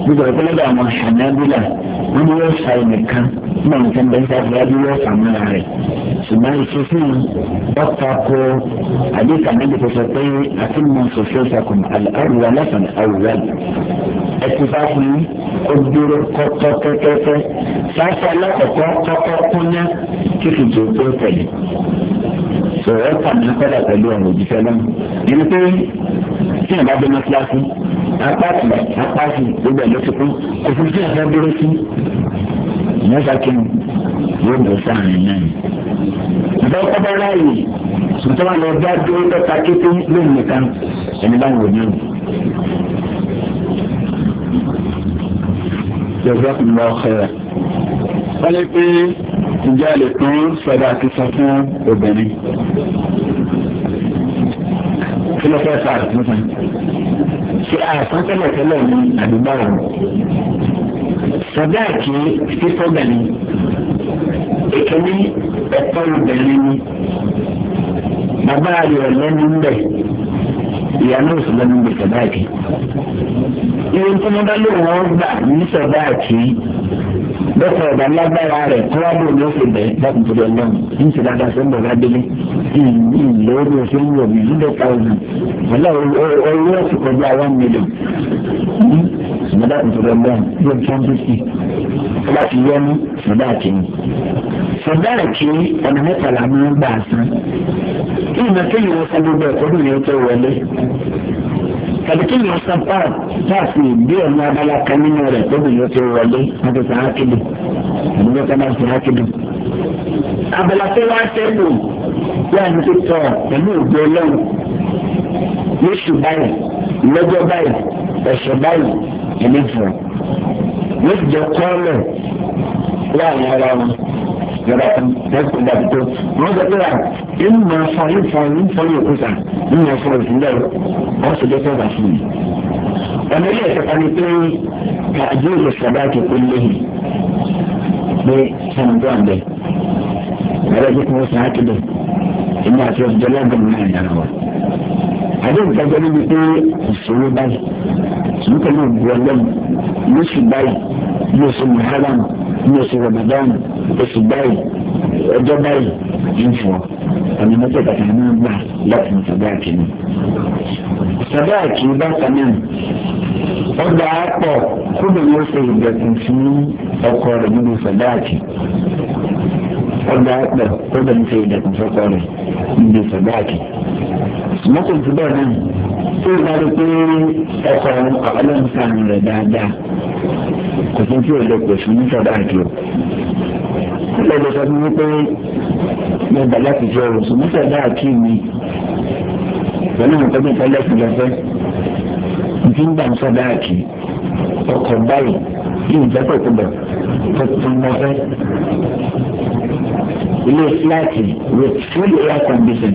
Speaker 1: gbogbo ìpínlẹ̀ àwọn hànábílà wọn ni wọ́n fa ẹnìkan náà nǹkan bẹ́ẹ̀ sáfì láti wọ́n fà mọ́ra rẹ̀ ṣùgbọ́n ìṣesí ọ̀pá kó àdéhùn àmì ìfẹsẹ̀ pé àti mọ̀ sọ̀fẹ́ sàkùn àlùkò aláfàn àwùrọ̀ ẹtì bá fún yín ó dúró kọ́kọ́ kẹ́kẹ́kẹ́ sáfì alákọ̀ọ́kọ́ kọ́kọ́ kúnyá kí kìjì ó tó tẹ̀lé ọ̀rọ̀ ẹ̀ka ní kọ́dà pẹ̀lú ọ̀rọ̀ òjíṣẹ́ náà nínú pé tí ìyàbá gbé ní kíláàsì apáàtì apáàtì gbogbo ẹ̀ ló ti kún òfin tí ìyàbá dúró sí ìyẹn sàkínú yóò bọ̀ sáà ní náà ìbá kọ́dà láàyè ṣùgbọ́n wọn lọ bá dúró lọ́ta kété lónìí nìkan ẹni bá wò ní o. jọ̀wọ́ kùn lọ́ọ́ xẹ́rẹ́ ǹjẹ́ a lè pín sọ́dà ti san fún obìnrin kí ló fẹ́ fà tuntun ṣe àìsàn tẹ́lẹ̀tẹ́lẹ̀ ní àdúgbò rẹ̀ sọ́dà kí fífọ́bìnrin èkéní ẹ̀tọ́ obìnrin ni bàbá rẹ̀ lẹ́nu ń bẹ̀ ìyanu ìsìlẹ́nu gbé sọ̀dáàkì. Ìwé tí wọ́n bá lò wọ́n gbà ní sọ̀dáàkì lọ́kọ̀ ọ̀dà lágbára rẹ̀ tí wọ́n bò ní oṣù bẹ̀ láti tó lọ ní ti dáadáa tó ń bọ̀ ládélé ìlórí oṣù ń wò mí hundred thousand ọ̀là owó ẹ̀sìn kọjá one million mọ̀dá tó lọ lọ́wọ́ yóò tún bí sí ọba ti yẹ ní mọ̀dá kìíní. sọ̀dá ẹ̀kí ọ̀nà mẹ́tàlá ní gbà san kí ìmọ̀ kéèyàn sọ gbogbo ẹ̀kọ́ tàbí kí ni ọsàn pa sáàsì bí ọ̀nà abala kan nínú rẹ̀ tóbi ló ti wọlé wọn ti sàn ákìlì àbí wọn sábà sàn ákìlì. abala tó wá sẹ́nu wà ní títọ́ pẹ̀lú ògbó ọlọ́run lóṣù báyìí lọ́jọ́ báyìí ọ̀sẹ̀ báyìí ẹ̀mí fún ọ yóò ti jẹ kọ́ọ̀lẹ̀ láàrin ara wọn yọ̀dà kan lẹ́sìn ìdàbí tó wọ́n sọ pé à ń mọ afọ yín fọ yín fọ yín òkúta ń mọ afọ ìfúnlẹ̀ wọ́n sì jẹ́ sọ́dà fún mi. ọ̀nà ilé ìṣẹ̀kọ́ ni pé àjẹ́ ìlú sọ̀dá ti pé léyìn pé sọ̀nù tó ẹ̀rọ ìjẹ́ kí wọ́n sàn á kéde èmi àti ọ̀dọ́ lọ́gbọ̀n náà yàrá wa. àjẹ́ ìgbàgbọ́ níbi pé ìṣòro báyìí ní oṣù muharram ní oṣù ramadan oṣù báyìí ọjọ́ báyìí ń fọ àmì mọ́tẹ́ta kan náà gbà láti ní sàdáàkì ni. sàdáàkì bákan náà ọgbà àpọ̀ kúndùn yóò ṣe ìgbẹ̀kùn fún ọkọ rẹ̀ nínú sàdáàkì ọgbà àpọ̀ kúndùn ṣe ìgbẹ̀kùn fún ọkọ rẹ̀ nínú sàdáàkì. mọ́tò ìtúbọ̀ náà tó ìbára pé ọkọ ọlọ́run sàn dáadáa kò sí tí ò lè pè fún nísọdá àti o ilé ìlú sọ fún mi pé mo gbà láti fi ọ̀rọ̀ sùn nísọdá àti mi pẹ̀lú nǹkan tó tẹ́lẹ̀ sí lọ́fẹ́ nti ń gbà ń sọdá àti ọkọ̀ báyìí yìí ń jẹ́pọ̀ tó bẹ̀ tó tún lọ́fẹ́ ilé fúláàtì with full air condition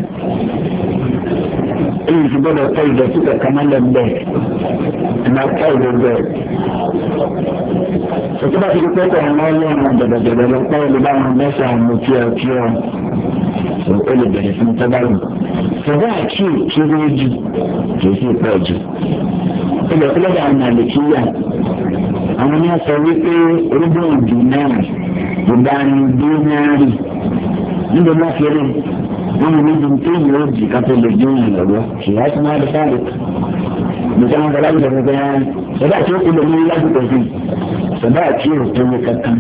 Speaker 1: èyí ti gbọ́dọ̀ tẹ ìdọ̀tí kankan mọ́lẹ̀ bẹ́ẹ̀ ẹ̀ máa bẹ́ẹ̀ ètò bá ti di pé kàn án lọ́wọ́ ọ̀nà jẹ̀dẹ̀jẹ̀dẹ̀ ló pẹ́ olùbá wọn mẹ́sàn án mo tiẹ̀ kí ọ ó lè bẹ̀rẹ̀ fún tọ́gbà rẹ̀ ṣùgbọ́n àti ìkiri jù kì í sì pẹ́ jù ilẹ̀ ìpínlẹ̀ àwọn àlèkíyà àwọn ní sọ wípé orígun ìdù náà ìdánidínárì níbi má fi rí wọn ní níbi tí yóò jì ká tó lè dín ìrànlọ́wọ́ kì í á ti má rí sáré nìkan wọn bọlá ìjọba gbẹ yẹn sọdá tí ó kú lómi lásìkò sí sọdá tí ó tó yẹ kankan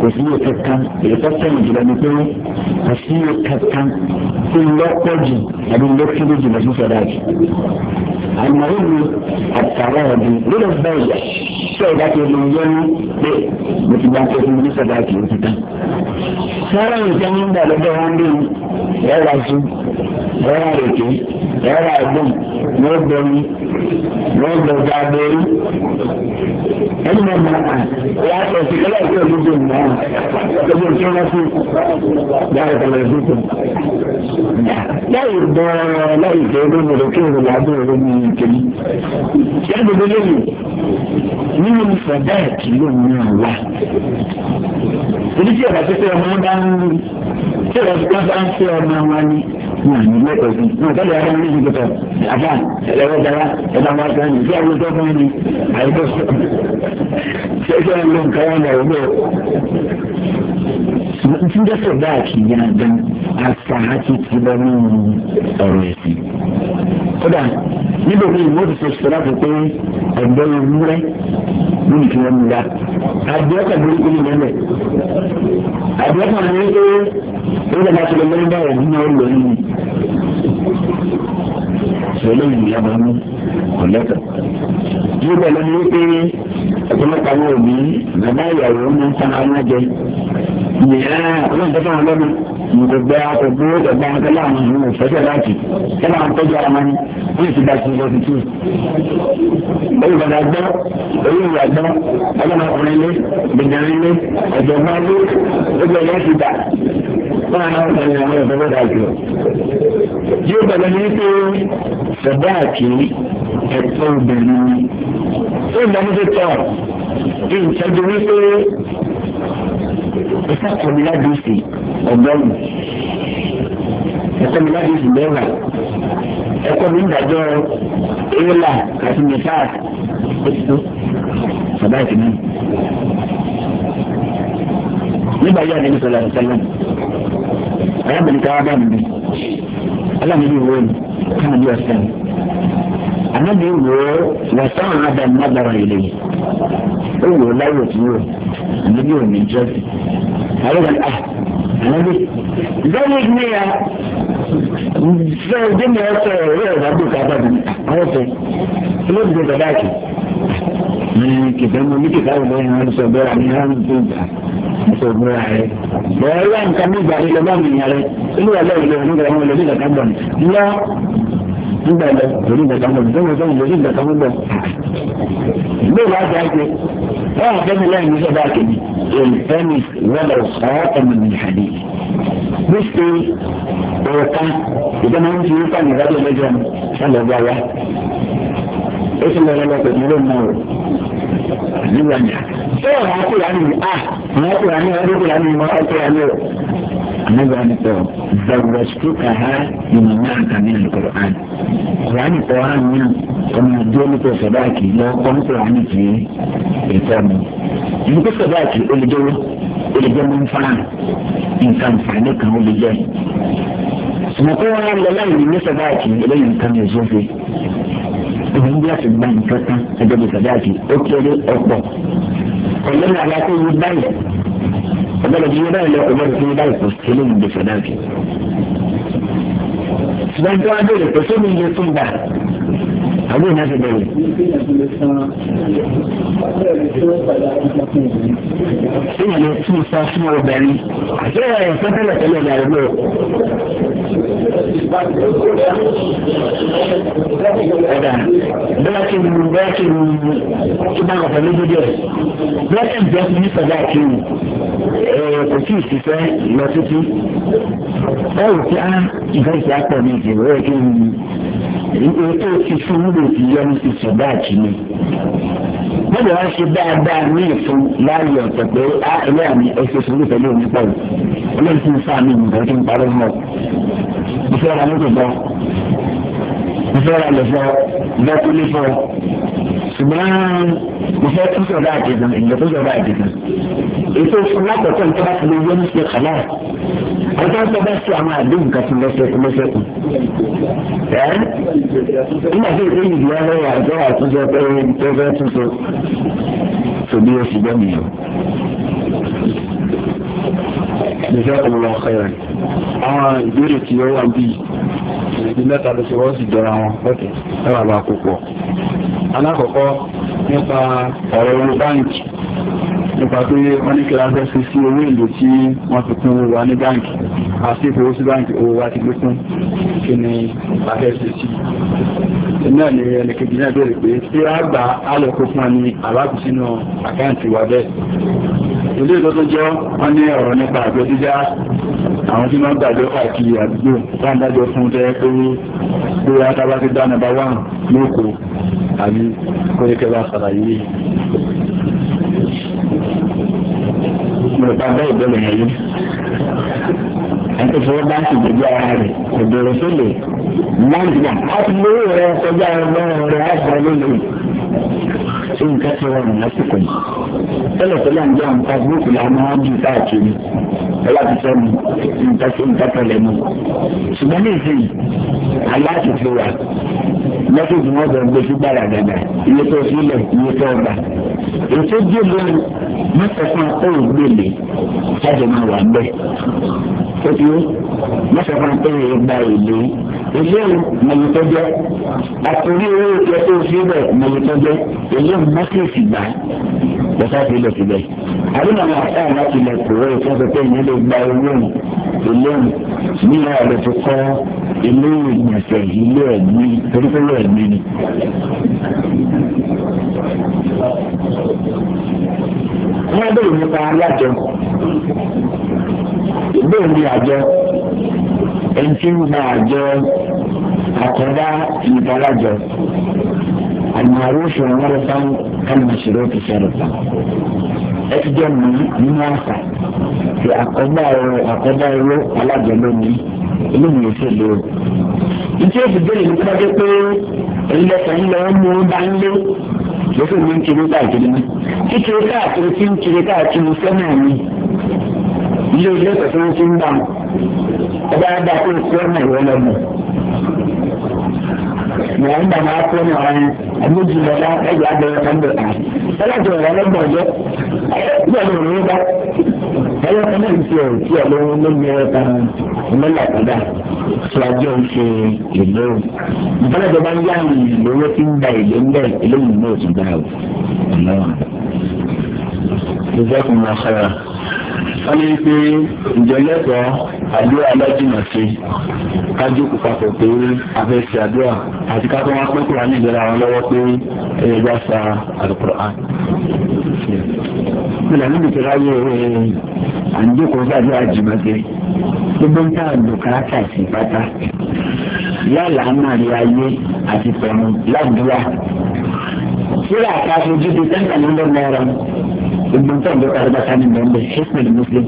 Speaker 1: kò sí yẹ kankan èyí tó sẹ́yìn jùlọ ni pé kò sí yẹ kankan tó lọ́pọ̀ jù àbí lọ́kìlì jùlọ sí sọdá jù. àmọ́ràn mi àtàwọn ọ̀dùn lórí bẹ́ẹ̀ yẹ sọ ìdá tó lè yẹnu pé mo ti gbà tó fún mi sọdá jù ó ti tán. sára nǹkan ń dà lọ́dọ̀ wọn bí ẹ̀rọ àti ẹ̀rọ àrèké ẹ̀rọ àgbọ̀n wọ́n gbẹ̀mí wọ́n gbẹ̀dá abẹ́rí. ẹni náà máa hàn wọ́n sọ sí kẹ́lá ìṣe ìdíje mọ́ ọ̀hún ẹgbẹ́ tí wọ́n fi dáhùn ìtàlẹ̀ ìdíje. láì gbọ́n láì jẹ́ olóògùn lókè òun làbẹ́ òun ní ìkẹ́lí. yàtọ̀ tó lóyún nínú ìfọ̀dá ìkìló náà wà. oníṣẹ́ ìbáṣepọ̀ ọmọ bá ń tí ìbáṣepọ̀ bá fẹ́ ọmọ wa ni náà ní ilé ẹ̀kọ́ sí náà tẹ́lẹ̀ ẹ̀rọ ní ìlú kẹtọ àbá ẹ̀rọ dára ẹ̀dá wa kan ní ìyá olùkọ́ fún mi àyíkọ́ ṣẹ́ṣẹ́ ń lo nǹkan wọn lọ́wọ́ lọ́wọ́. Tí dẹ́sẹ̀ bá àkìyà gan, àṣà àti tìbọn ní ọ̀rọ̀ ẹ̀sìn. Kódà níbo ni ìwọ́n ti ṣe ṣọ́ra àdìọ́kà lórí kiri mẹ́lẹ̀ àdìọ́kà lórí kiri ó lè láti lè mẹ́rin báyìí ní ọ̀rọ̀ lórí mi. sọlá ìlú yàrá mi kò lẹ́tọ̀. yóò bẹ̀ lọ́nà wípé ọ̀pọ̀lọpọ̀ àwọn òbí bàbá ìyàwó máa ń tán àwọn jẹ. ìyá ọlọ́run tó fún wọn lọ́nà gbogbo àkókò ẹgbẹ akẹlẹ àwọn ìlú òfẹsẹ láti kẹlẹ àwọn tọjú ara mọni ní ìsìlẹ sí lọsí tù. olùbàdàn gbọ́ olùwà gbọ́ ọlọ́mọkùnrin lé bìnrin lé ọ̀jọ̀gbọ́n lé gbogbo ẹ̀yẹ ti dà fún àwọn ọmọ ìlú àwọn ìfẹ́ bẹ́ẹ̀ dàgbé. yóò bẹ̀rẹ̀ ní pé sọ̀dá àkì ẹ̀tọ́ obìnrin ni. ó lọ́mọdé tọ̀ ìtọ́jú ẹ̀ka kọ̀mílá dùsì ọgọ́rùn ẹ̀kọ́mílá dùsì mẹ́wàá ẹ̀kọ́ mi ń dájọ́ éèlà àti mẹ́fà ètò bàbá ìtìmí. nígbà yóò àdébí sọlá ìsọlá arábìnrin káwá bá mi bí alámìlí ìwé mi káwọn ní ọ̀sẹ̀ mi anábìí wo wọ́n sáwọn adàmú agbára ìlẹ̀ yìí ó wò láyò tí yóò mùsùlùmí ò ah, ní jọ́sìn. àlọ́gbà ni àlọ́gbà bẹ́ẹ̀ ni ya fẹ́ẹ́ gbẹ́mọ̀ ọ̀sẹ̀ ọ̀rẹ́ ọ̀dàgbò kábà bí àwọn ọ̀sẹ̀ olóògbé bàbá kì kìtà mọ ní kìtà ìlú ẹ̀yìn ọ̀sẹ̀ bẹ́ẹ̀ ni wọ́n ń tó gbà ọ̀sẹ̀ ìgbéra rẹ̀ bẹ́ẹ̀ wá nǹkan nígbà ilẹ̀ bá mi yàrá olúwa lọ́wọ́ ilẹ̀ onígbà wọn lọ sí ìgbà kan bọ̀ lọ nígbà lọ lórí nǹkan kan bọ̀ lórí nǹkan kan lórí nǹkan kan bọ̀. bẹ́ẹ̀ wá dáa pé wọ́n á fẹ́mi lẹ́yìn iṣẹ́ bá kejì èlfẹ́mi wọ́lọ̀ ọ̀ọ́tẹ̀mì ní ìhàdí. bí ṣe ọ̀ọ́ká ìjọba ń fi ń fà nígbà tó lọ́jọ́ mi sálọ bá wa. ó sì lọ́wọ́ lọ́pọ̀ ìdílé náà o bẹ́ẹ̀ wọ́n á kúrò á nìyí à á kúrò á nìyí wọ́n á kúrò á nìyí wọ́n ànágbà ni pọ̀ zawurasituka ha ìmọ̀ náà kàmí alukur'an kur'ani pọ̀ hàn mí ọmọ ìdúró ní pọ̀ sọ̀dáàkì lọ kọ́ ní kur'ani tì í ètò mi. ìlú pọ̀ sọ̀dáàkì olùdóró olùdóró ń fa nǹkan fàánì kan olùjẹ́ mọ̀kọ́ wọn á lọ láì ní sọ̀dáàkì eléyìí nǹkan ní ìṣòfin ìwé ń bí àti gba nǹkan kan ọgbọ́dọ̀ fi yé báyìí lọ ọgbọ́dọ̀ fi yé báyìí kò sí lóyún gbèsè náà fi. ṣùgbọ́n tí wọ́n á béèrè kò sómi iye tó ń gbà àbúrò náà ti bẹ̀rẹ̀. Ìyẹn lè tún sọ fún obìnrin. Àṣé ẹ̀ fẹ́ tẹ́lẹ̀ tẹ́lẹ̀ ní àdúgbò. Ẹ̀dà bẹ́ẹ̀ kí ni bẹ́ẹ̀ kí ni kí bá kọ̀ọ̀kan lójú díẹ̀. Bẹ́ẹ̀ kí ni bẹ́ẹ̀ kí ni sọ̀dá kí ni kò sí ìṣiṣẹ́ lọ títí báwo tí a ìfẹ́ ìṣe àpọ̀ mi ìdìbò rẹ̀ kí n ìwé tó ti fún lè fi yọnu sí ṣẹ̀dá àjìní wọ́n lè wá ṣe dáadáa ní ìfún láàyè ọ̀tọ̀ pé á ilé àmì ẹsẹ̀ sùúrù pẹ̀lú òní pọ̀ ọlọ́run ti ń fa àmì ìgbà tó ń parọ́ mọ́ ìfẹ́ ra mọ́tò bọ́ ìfẹ́ ra lẹ̀ fọ́ ìfẹ́ kúlé fọ́ ṣùgbọ́n mo fẹ́ tún sọ̀rọ̀ àti gan ìgbà tó sọ̀rọ̀ àti gan ètò fún lákòókò nípa bá ti lè yé ní ṣe kàlá ọjọ́ tó bá ṣe àwọn àdéhùn kan tó lọ́sẹ̀kùn lọ́sẹ̀kùn ẹ́ nígbà tó ìpín ìdí wọn lọ́wọ́ àjọ àtúnṣe pé tó fẹ́ tún so tó bí ó bẹ́ẹ̀ nìyẹn. Jazakum Allah khairan. Àwọn ìbéèrè tí ó wà ń bí alákọ̀ọ́kọ́ nípa ọ̀rọ̀ owó nípa pé wọ́n ní kíláàsì fi sí owó ìlú tí wọ́n fi kún owó wa ní báǹkì àti ìfowó sí báǹkì owó wa ti gbé fún kí ni àfẹ́sì sí. náà ni ẹnìkejì náà béèrè pé tí a gbà á lọ kó fún wa ní àbákù sínú àkáǹtì wa bẹ́ẹ̀. ilé ìtọ́jú jọ wọ́n ní ọ̀rọ̀ nípa àgbẹ̀ dídá àwọn tí wọ́n gbàgbé káàkiri àdúgbò bá dájọ́ fún tẹ́ pé pé atábá ti dá nàbà wà lóko àbí kó bá ṣàlàyé Bùrùkà bẹ́ẹ̀ bẹ̀rẹ̀ yẹn yìí. Àti fún báńkì gbogbo ara rẹ̀ kò bẹ̀rẹ̀ sílẹ̀. Báńkì náà, a ti lówó rẹ̀ kọjá ọmọ rẹ̀ á sọ lónìí nǹkan ti rọrùn lásìkò yìí tẹ́lẹ̀tẹ́lẹ̀ ń jẹ́ àwọn fásitì làwọn máa ń di káàkiri ọlọ́tìtọ́ mi nǹkan ti nǹkan tẹ̀lé mi ṣùgbọ́n ní ìsìn aláàtì ti wà mẹ́tòdì wọn bẹ̀rẹ̀ gbé sí gbàràgàdà iye tó sílẹ̀ iye tó ọgbà ètò gbèlè mẹ́tẹ̀ẹ̀kan ó gbèlè jáde máa wà bẹ́ẹ̀ ó ti mẹ́tẹ̀ẹ̀kan ó gbà èlé eléyìí mẹ̀lítọ́jẹ́ àtòrí owó ìjẹ tó fi bẹ̀ mẹ̀lítọ́jẹ́ eléyìí mẹ́sìlẹ̀sì gbà lọ́sà sílẹ̀ síbẹ̀. àdúrà àwọn àtàwọn láti lè kúrò ìfọ́sọ̀ pé ìyẹn lè gba owó eléyìí nílẹ̀ rẹ̀ ti kọ́ ilé ìgbọ̀nsẹ̀ ilé ẹ̀mí torí pé ilé ẹ̀mí ni. wọ́n bẹ̀rẹ̀ nípa alájọ ìbéèrè àjọ ẹnití wù máa jẹ àkọ́dá ìdálájọ àmàrò ìfọwọ́rọ́ fún kálímàṣírò ti sọ̀rọ̀ fún ẹ ti jẹ́ mi nínú àṣà ti àkọ́dá ọ̀rọ̀ àkọ́dá ọ̀rọ̀ alájọ lónìí eléyìí ò sì ìtí èsì bẹ́ẹ̀ ni wọ́n dé pé ẹ̀lẹ́sẹ̀ ńlọ ń mú bá ń lé lókè mi ń kiri káàkiri mi kíkiri káàkiri tí ń kiri káàkiri sẹ́nà mi ilé ilé ìtọ́sí wọn ti ń bá wọn ọba ada kó o fẹ́ ọmọ ìwé lọ́mọ. Mọ̀ ń bà máa fẹ́ ọmọ ẹ̀ ẹ̀mí lọ́la ẹ̀yà abẹ́rẹ́ kan bẹ̀ kàn. Ẹlẹ́jọ̀ ọ̀rọ̀ lọ́gbọ̀n jẹ́ ẹ̀yẹ́ ló rí bá. Ẹyẹ kan náà ń fi ọ̀rọ̀ tí ọ̀lọ́ lómi ẹ̀rọ kan mẹ́lá padà tí a ń ṣe ìlú. Ìfọlẹ́jọ bá ń yá ìlú owó tí ń gba ìlú ń bẹ̀ eléyìí náà ti gbà ọ̀. Ìjọba kò máa ṣọ́ra wọ́n ní pé ìjọlẹ́kọ̀ọ́ àdúrà lọ́jìnà sí kájókòó papọ̀ pé afẹ́sẹ̀ àdúrà àti ká tó wọn pẹ́ kúrò ní ìjọra wọn lọ́wọ́ pé ẹ̀yẹ bá sa Al-Qur'an. Bílẹ̀ níbi tí ráyè àdúkòó gbàdúrà jìmọ̀ sí gbogbo ń tà àdùkárà sí pátá yálà àmàlí ayé àti pẹ̀lú ládùúrà. Sílẹ̀ àti aṣojú bíi ten thousand naira gbogbo nǹkan ìlú kárìbátà ní mẹ́mbẹ́ hekmel muslim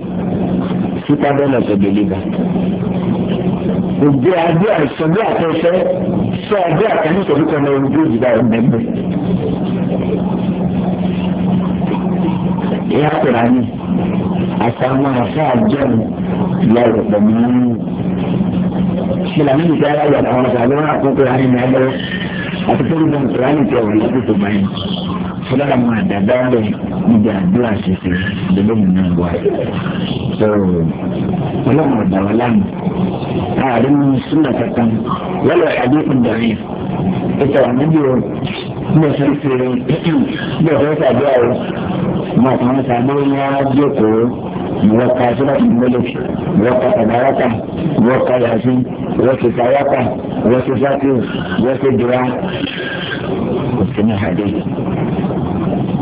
Speaker 1: citadel of the believer. Ògbé adé àìsàn bí àtẹ̀fẹ́ sọ adé àkànní ìṣòro kan lọ ojú ìjìlá ẹ̀ mẹ́mbẹ́.
Speaker 2: Ìyá Kùránì
Speaker 1: àtàwọn àfáà jẹun lọ́rọ̀ pọ̀ mọ́. Ṣé làmì ìgbà yà wà láwọn ọ̀sán àbí wọn àkókò àárín ìrìn àjọ àtúntò ìgbà ìsirayì tí ọ̀rọ̀ ìṣòro tó báyìí fúlára mu àdàdà rẹ̀ níbi àdúrà ṣiṣẹ́ ìdílé mi náà wà. sọ̀rọ̀ ọlọ́run ọ̀dà wa lánàá ààrẹ mi súnà kankan wọ́lọ̀ àdé ìdàrí ìtàn níbi o o ṣe ń ṣe bí o ṣe o mọ̀ kàn ń yẹn á jókòó ìwọ́ka sọ́láṣí mọ́lẹ̀ ìwọ́ka tàbáraka ìwọ́ka yàtí ìwọ́ka tàyáka ìwọ́ka sátìl ìwọ́ka dùrá òfin àdé.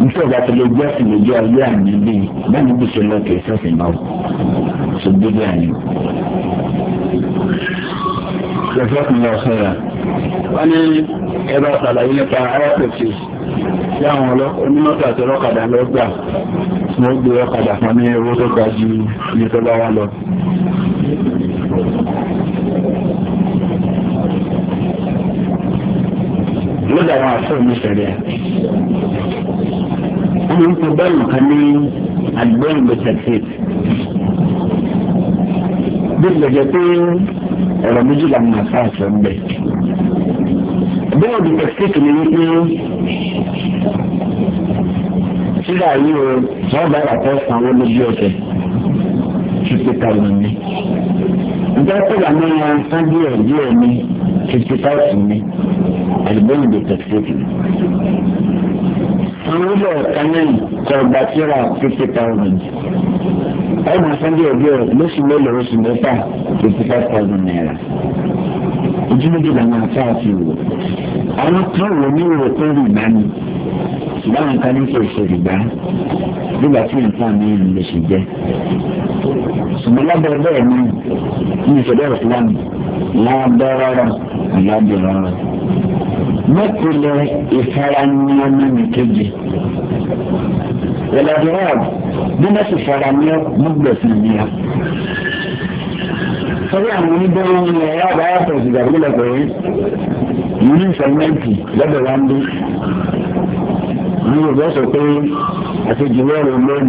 Speaker 1: nítorí ọba tó lè jẹ́ ìlẹ́jọ́ ayé àmì bíi báyìí bí ṣe lọ kì í sọ́sìn náà ṣùgbọ́n bí àná jẹ́sọ́kùnrin ọ̀sẹ̀rà wọ́n ní ẹ̀rọ ṣàlàyé nípa arákùnrin tí àwọn onímọ̀tò àti ọlọ́kadà lọ gbà wọ́n gbé ọ̀kadà kan ní owó tó ga ju iye tó bá wá lọ. lọ́dọ̀ àwọn àfẹ́ mi sẹ̀rẹ̀ wọ́n ń pe bẹ́ẹ̀ nǹkan ní àgbẹ̀yìn bẹ́sẹ̀ tèèpù bí ìgbẹ̀jẹ̀ pé ọ̀rọ̀ méjì làwọn àfáàfẹ́ ń bẹ̀. bóòdù pẹ̀sìtì ni wípé síra yìí o wọ́n bá yàtọ̀ sanwó lójú ọ̀sẹ̀ fifty thousand ni. ǹjẹ́ kódà náà yẹn san díẹ̀ díẹ̀ ni fifty thousand ni àdìbòyìnbó pẹ̀sìtì. sanwó lọ́ọ̀kan náà kọ̀ ọ̀gbà síra fifty thousand. ẹ you, san díẹ̀ díẹ̀ lóṣù mélòó oṣù mẹ́fà fifty five thousand naira ojú méjì làwọn afẹ́ àti wò àwọn kan wò ní wò tó rí ìgbà ni ṣùgbọ́n sugbon awon kan ní kò ṣe ìgbà nígbà tí nǹkan mi ń lè ṣe jẹ́ ṣùgbọ́n lábẹ́ bẹ́ẹ̀ náà ní ìṣẹ̀lẹ̀ ìsìlámù lábẹ́rọ́rọ́ lábẹ́rọ́rọ́ mẹ́kùlẹ̀ ìfaranyọ́mọ́nìkejì ìlàdìrọ́ọ̀bù. bí wọ́n sì fara ní gbọ̀sán ní ọ. sọ́dọ̀ àwọn oníbẹ̀rẹ̀ ní ẹ̀rọ àbáyá pẹ̀lú ìgbàgbọ́lẹ̀ pé ní ìfẹ̀mẹ́ǹtì lọ́dọ̀ wa ń dé. ní Yorùbá sọ pé àtẹ̀jù lọ́rọ̀ lọ́nà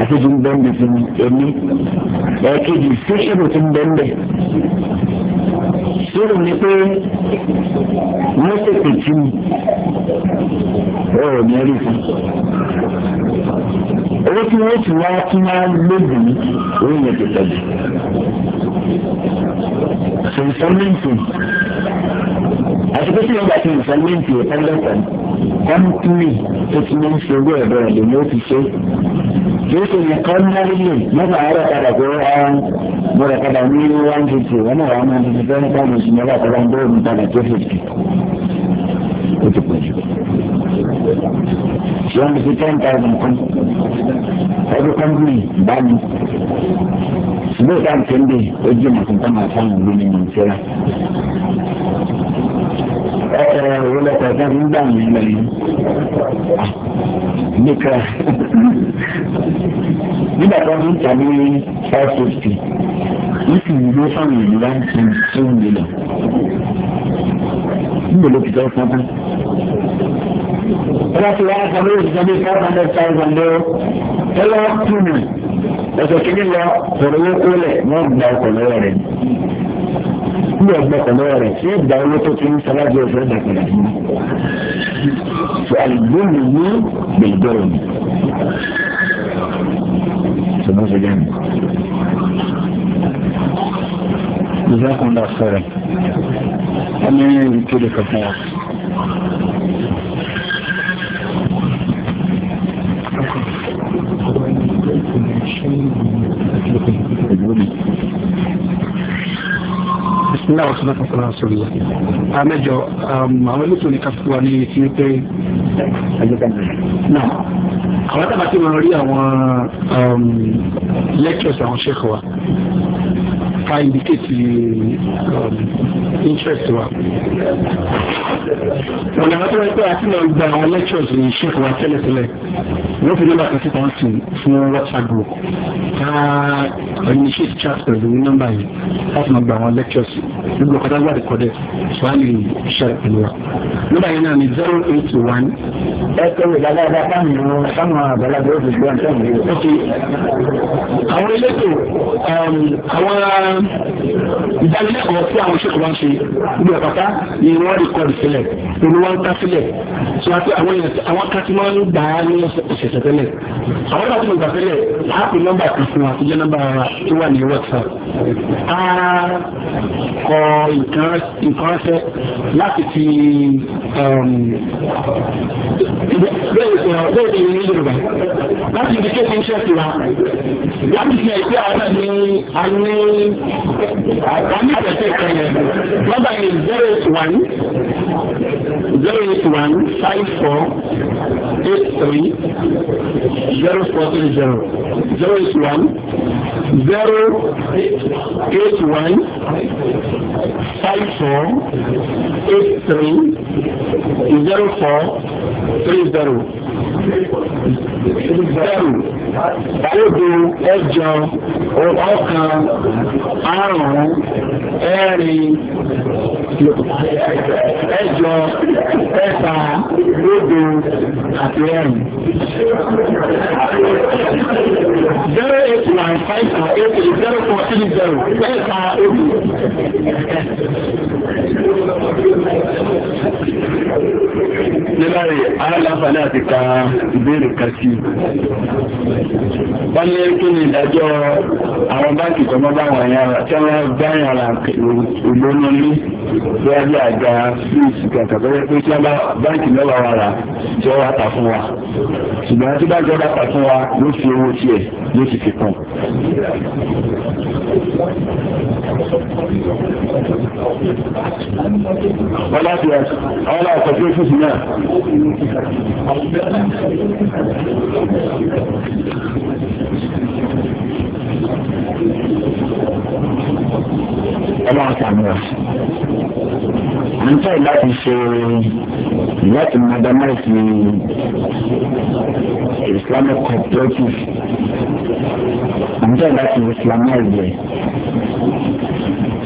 Speaker 1: àtẹ̀jù ń bẹ́ńbẹ̀ fún ẹni ẹ̀ẹ́kejì fíṣẹ́bù ti ń bẹ́ńbẹ̀ lórí mi pé wọ́n ṣètò tí mi ọ̀rọ̀ mi rí fún owó tí wọ́n sì wá tí wọ́n lóbi owó yẹn ti pẹ̀lú. sèǹsọ́mẹ́ǹtì àti pé tí wọ́n bá ti sèǹsọ́mẹ́ǹtì ẹ̀ẹ́dẹ́gbẹ̀rún kọ́ńtìmì tó ti ń ṣe owó ẹ̀rọ ẹ̀dẹ̀ ni ó ti ṣe yóò ṣe ní kọ́ńtìmì mọ́tà àárọ̀ padà pé wọ́n ah, bọ̀rọ̀ padà ní one fifty wọn náà wọ́n máa ti fi fẹ́ẹ́ nípa ìmọ̀ ìṣúná tí wọ́n fi ten thousand kún ọdún kọ́ńtìrì báyìí ṣùgbọ́n ìta kẹ́ńdé ojú màkìntàn àfáàní ló ní nàìjíríà. ẹ ẹ wọlé kọ̀ọ̀kan fún gbà mí lẹ́yìn nípa nígbà tó ń tàbí five fifty wọ́n sì ń gbé fáwọn ìlú láti tún un lè lọ. ń bèlò kìtọ́ fún ọkàn ọba ti wá ọkọ lórí ìṣẹ́ bí five hundred thousand lọ ẹ lọ kú mi ọ̀sẹ̀ kìíní lọ kọ̀rọ̀ owó kó lẹ̀ wọ́n gba ọkọ̀ lọ́wọ́ rẹ̀ ní ọgbẹ́ ọkọ̀ lọ́wọ́ rẹ̀ tí ó gba owó tó ti ń sálájú ọ̀sẹ̀ dàgbàdà fún mi àlùbọ́ọ̀lù ní gbẹ̀gbẹ̀rẹ̀ mi ṣùgbọ́n ṣe jẹ́ mi. Ìjọba kan dà bisimilá wa sọlá kọsọlá sọlá amẹjọ àwọn elétò ní káfíńtì wa ní etí pé náà àwọn tábà tí wọn rí àwọn um, lectures àwọn ṣẹ́kọ̀ọ́ wa ká indicate the um, interest wa. ọ̀nà àwọn tó wáyé pé àti náà gba àwọn lectures ní ṣèkò wa tẹ́lẹ̀tẹ́lẹ̀ wọ́n fi nọ́mbà kan síta sí fún WhatsApp group ká initiate chat pẹ̀lú nọ́mbà yìí láti máa gba àwọn lectures gbogbo kọ́tà gbàdúkọ́dẹ̀ sọ́ọ́ lè ṣàrẹ̀ pẹ̀lú wa. nọ́mbà yẹn náà ni zero eight one ẹ̀kọ́ ìdádáadá fáwọn ìran fáwọn àgbàlagbà ó fi gbọ́ nǹkan ìlú. àwọn elétò um, àwọn ìdánilẹ́kọ̀ọ́ tí àwọn ṣèkọ̀ máa ń ṣe ibi àpáta ni wọ́n rìkọ́dì sílẹ̀ òní wọ́n ń ká sílẹ̀ tí wọ́n pé àwọn èèyàn àwọn kan ti máa ń gbà á ní ọ̀sẹ̀sẹ̀ tẹ́lẹ̀ àwọn náà ti mọ̀ gbà tẹ́lẹ̀ àápè nọ́mbà kan fún wa ìjẹ́ nọ́mbà tó wà ní WhatsApp a kọ nǹkan ránṣẹ́ láti fi um, bẹ́ẹ̀ ni ní Yorùbá láti ibi kéde iṣẹ́ tiwa láti fi ẹ̀ pé àwọn náà ní a ní One is zero eight one zero eight one five four eight three zero four three zero zero eight one zero eight one five four eight three zero four three zero zero òdo ẹ̀jọ ọ̀kan àrùn ẹ̀rin ẹ̀jọ ẹ̀ta òdo àti ẹ̀rin. zero eight one five four eight eight zero four three zero ẹ̀ta òdo níláre aláfààní àti ka ìbéèrè kan sí wọ́n ní kí ni ìdájọ́ àwọn báńkì tó mọ́ báwọn èèyàn tí wọ́n bá yàn ra ìlónú ní lórí àga fíìsì kankan tó yẹ pé tí wọ́n bá báńkì mẹ́wàá wa rà tí wọ́n wá tà fún wa ṣùgbọ́n tí báńkì wọ́n bá tà fún wa ló fi owó tiẹ̀ ló ti fi kàn. wọ́n láti ẹ̀ àwọn aláwọ̀kọ̀ tí ó fún sí náà ọlọ́run sàmúra à ń tọ́ láti ṣe láti modernize islamic cooperative à ń tọ́ láti islamize ẹ̀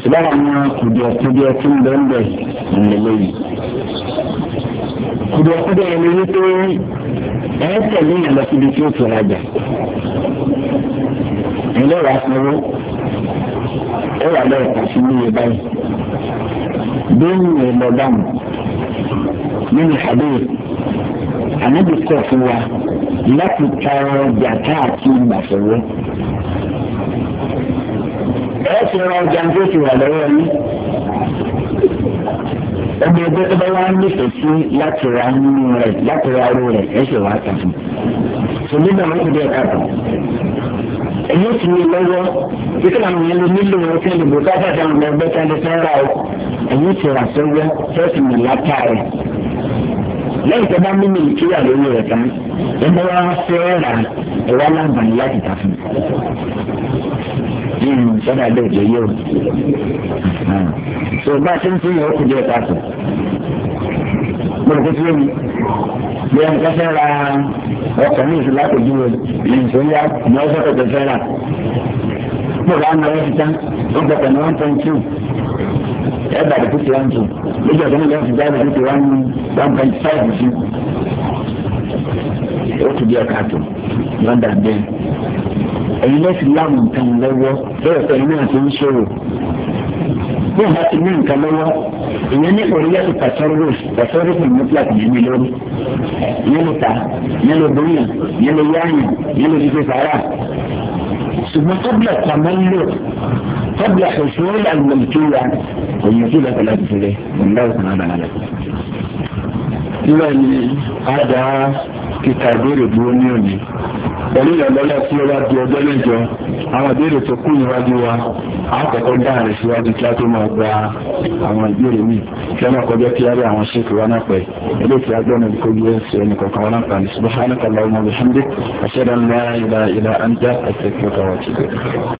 Speaker 1: ṣùgbọ́n àwọn kùdìẹ̀kùdìẹ̀ tí ń bẹ́ẹ̀ ń bẹ̀ ń lè lóyún kùdọ̀kùdọ̀ ẹni wípé ẹ ń tẹ̀lé ìyàn lọ síbi tí ó ti rajà ẹlẹ́wàá sanwó ẹ wà lọ́wọ́ kàṣí ní iye báyìí bẹ́ẹ̀ni ẹ lọ dáhùn nínú ìpàdé ànábì kọ̀ fún wa láti ta ọjà káàkiri ìgbà sanwó ẹ ọjà tó ti wà lọ́wọ́ yìí ọmọ ẹgbẹ́ tó bá wá nífẹ̀ẹ́ sí láti ra nínú rẹ̀ láti ra aró rẹ̀ ẹ ṣe wàá tàn fún sọmi náà wọ́n ti bẹ́ẹ̀ káàbọ̀ ẹ̀yẹ́ sì ní lọ́wọ́ títí làwọn yẹn lè nílò wọn tí ẹ̀lẹ́gbẹ́ káfà tí àwọn ẹgbẹ́ tí ẹ̀lẹ́ fẹ́ ra o ẹ̀yẹ́ sì rà sọ́wọ́ fẹ́ẹ̀sì mi látà rẹ̀ lẹ́yìn tó bá mímì ìtura lórí rẹ̀ tán ẹgbẹ́ wa fẹ́ ra ẹ̀wá láǹfààní láti tà fún sọ́dà lè jẹ́ yóò ṣe ń tún yẹn ó kù díẹ̀ káàtó gbọ́dọ̀ kó tí ó mi bí fẹ́ ra ọkọ̀ ní ìṣúná kò ju ìṣòyà ní ọjọ́ kẹ̀kẹ́ fẹ́ rà gbọ́dọ̀ àwọn ọ̀rẹ́ ti tán ó gbọ́dọ̀ ní one point two ẹ̀bà rẹ̀ fifty one two lójú ọ̀dọ́ nígbà fifty one fifty one one point five sí ó kù díẹ̀ káàtó lọ́dà bẹ́ẹ̀ ẹ̀yin lẹ́sìn láwọn nǹkan lọ́wọ́ bẹ́ẹ̀ pẹ̀lú náà tó ń ṣòro bí ọba ti ní nǹkan lọ́wọ́ ìyẹn ní òrìyá ti pàṣẹrò pàṣẹrò fún mutlak yẹn ní lórí yẹn ló ta yẹn ló bóyàn yẹn ló yáàyàn yẹn ló fífi sàárà ṣùgbọ́n kọ́bílà tàmánlò kọ́bílà òṣèré àlùmọ̀lùkìyà òyìn sí ìlàkọ̀ láti fi rẹ̀ ọ̀nà òkun àbàlẹ̀. nígbà yìí a dá kíkà pẹ̀lú ìyọ̀lọ́lẹ̀ tí ó bá di ọjọ́ mẹ́jọ àwọn ìbéèrè tó kù níwájú wa àkọ́kọ́ dáàrin síwájú kí a tó máa gba àwọn ìbéèrè míì kí a máa kọjá kí a rí àwọn ṣéèkì wa náà pẹ̀ ilé tí a gbọ́ náà kó gbé ẹsẹ̀ ẹnì kọ̀ọ̀kan wa náà pàdé subhanaka allahumma wa bihamdik ashhadu an la ilaha illa anta astaghfiruka wa atubu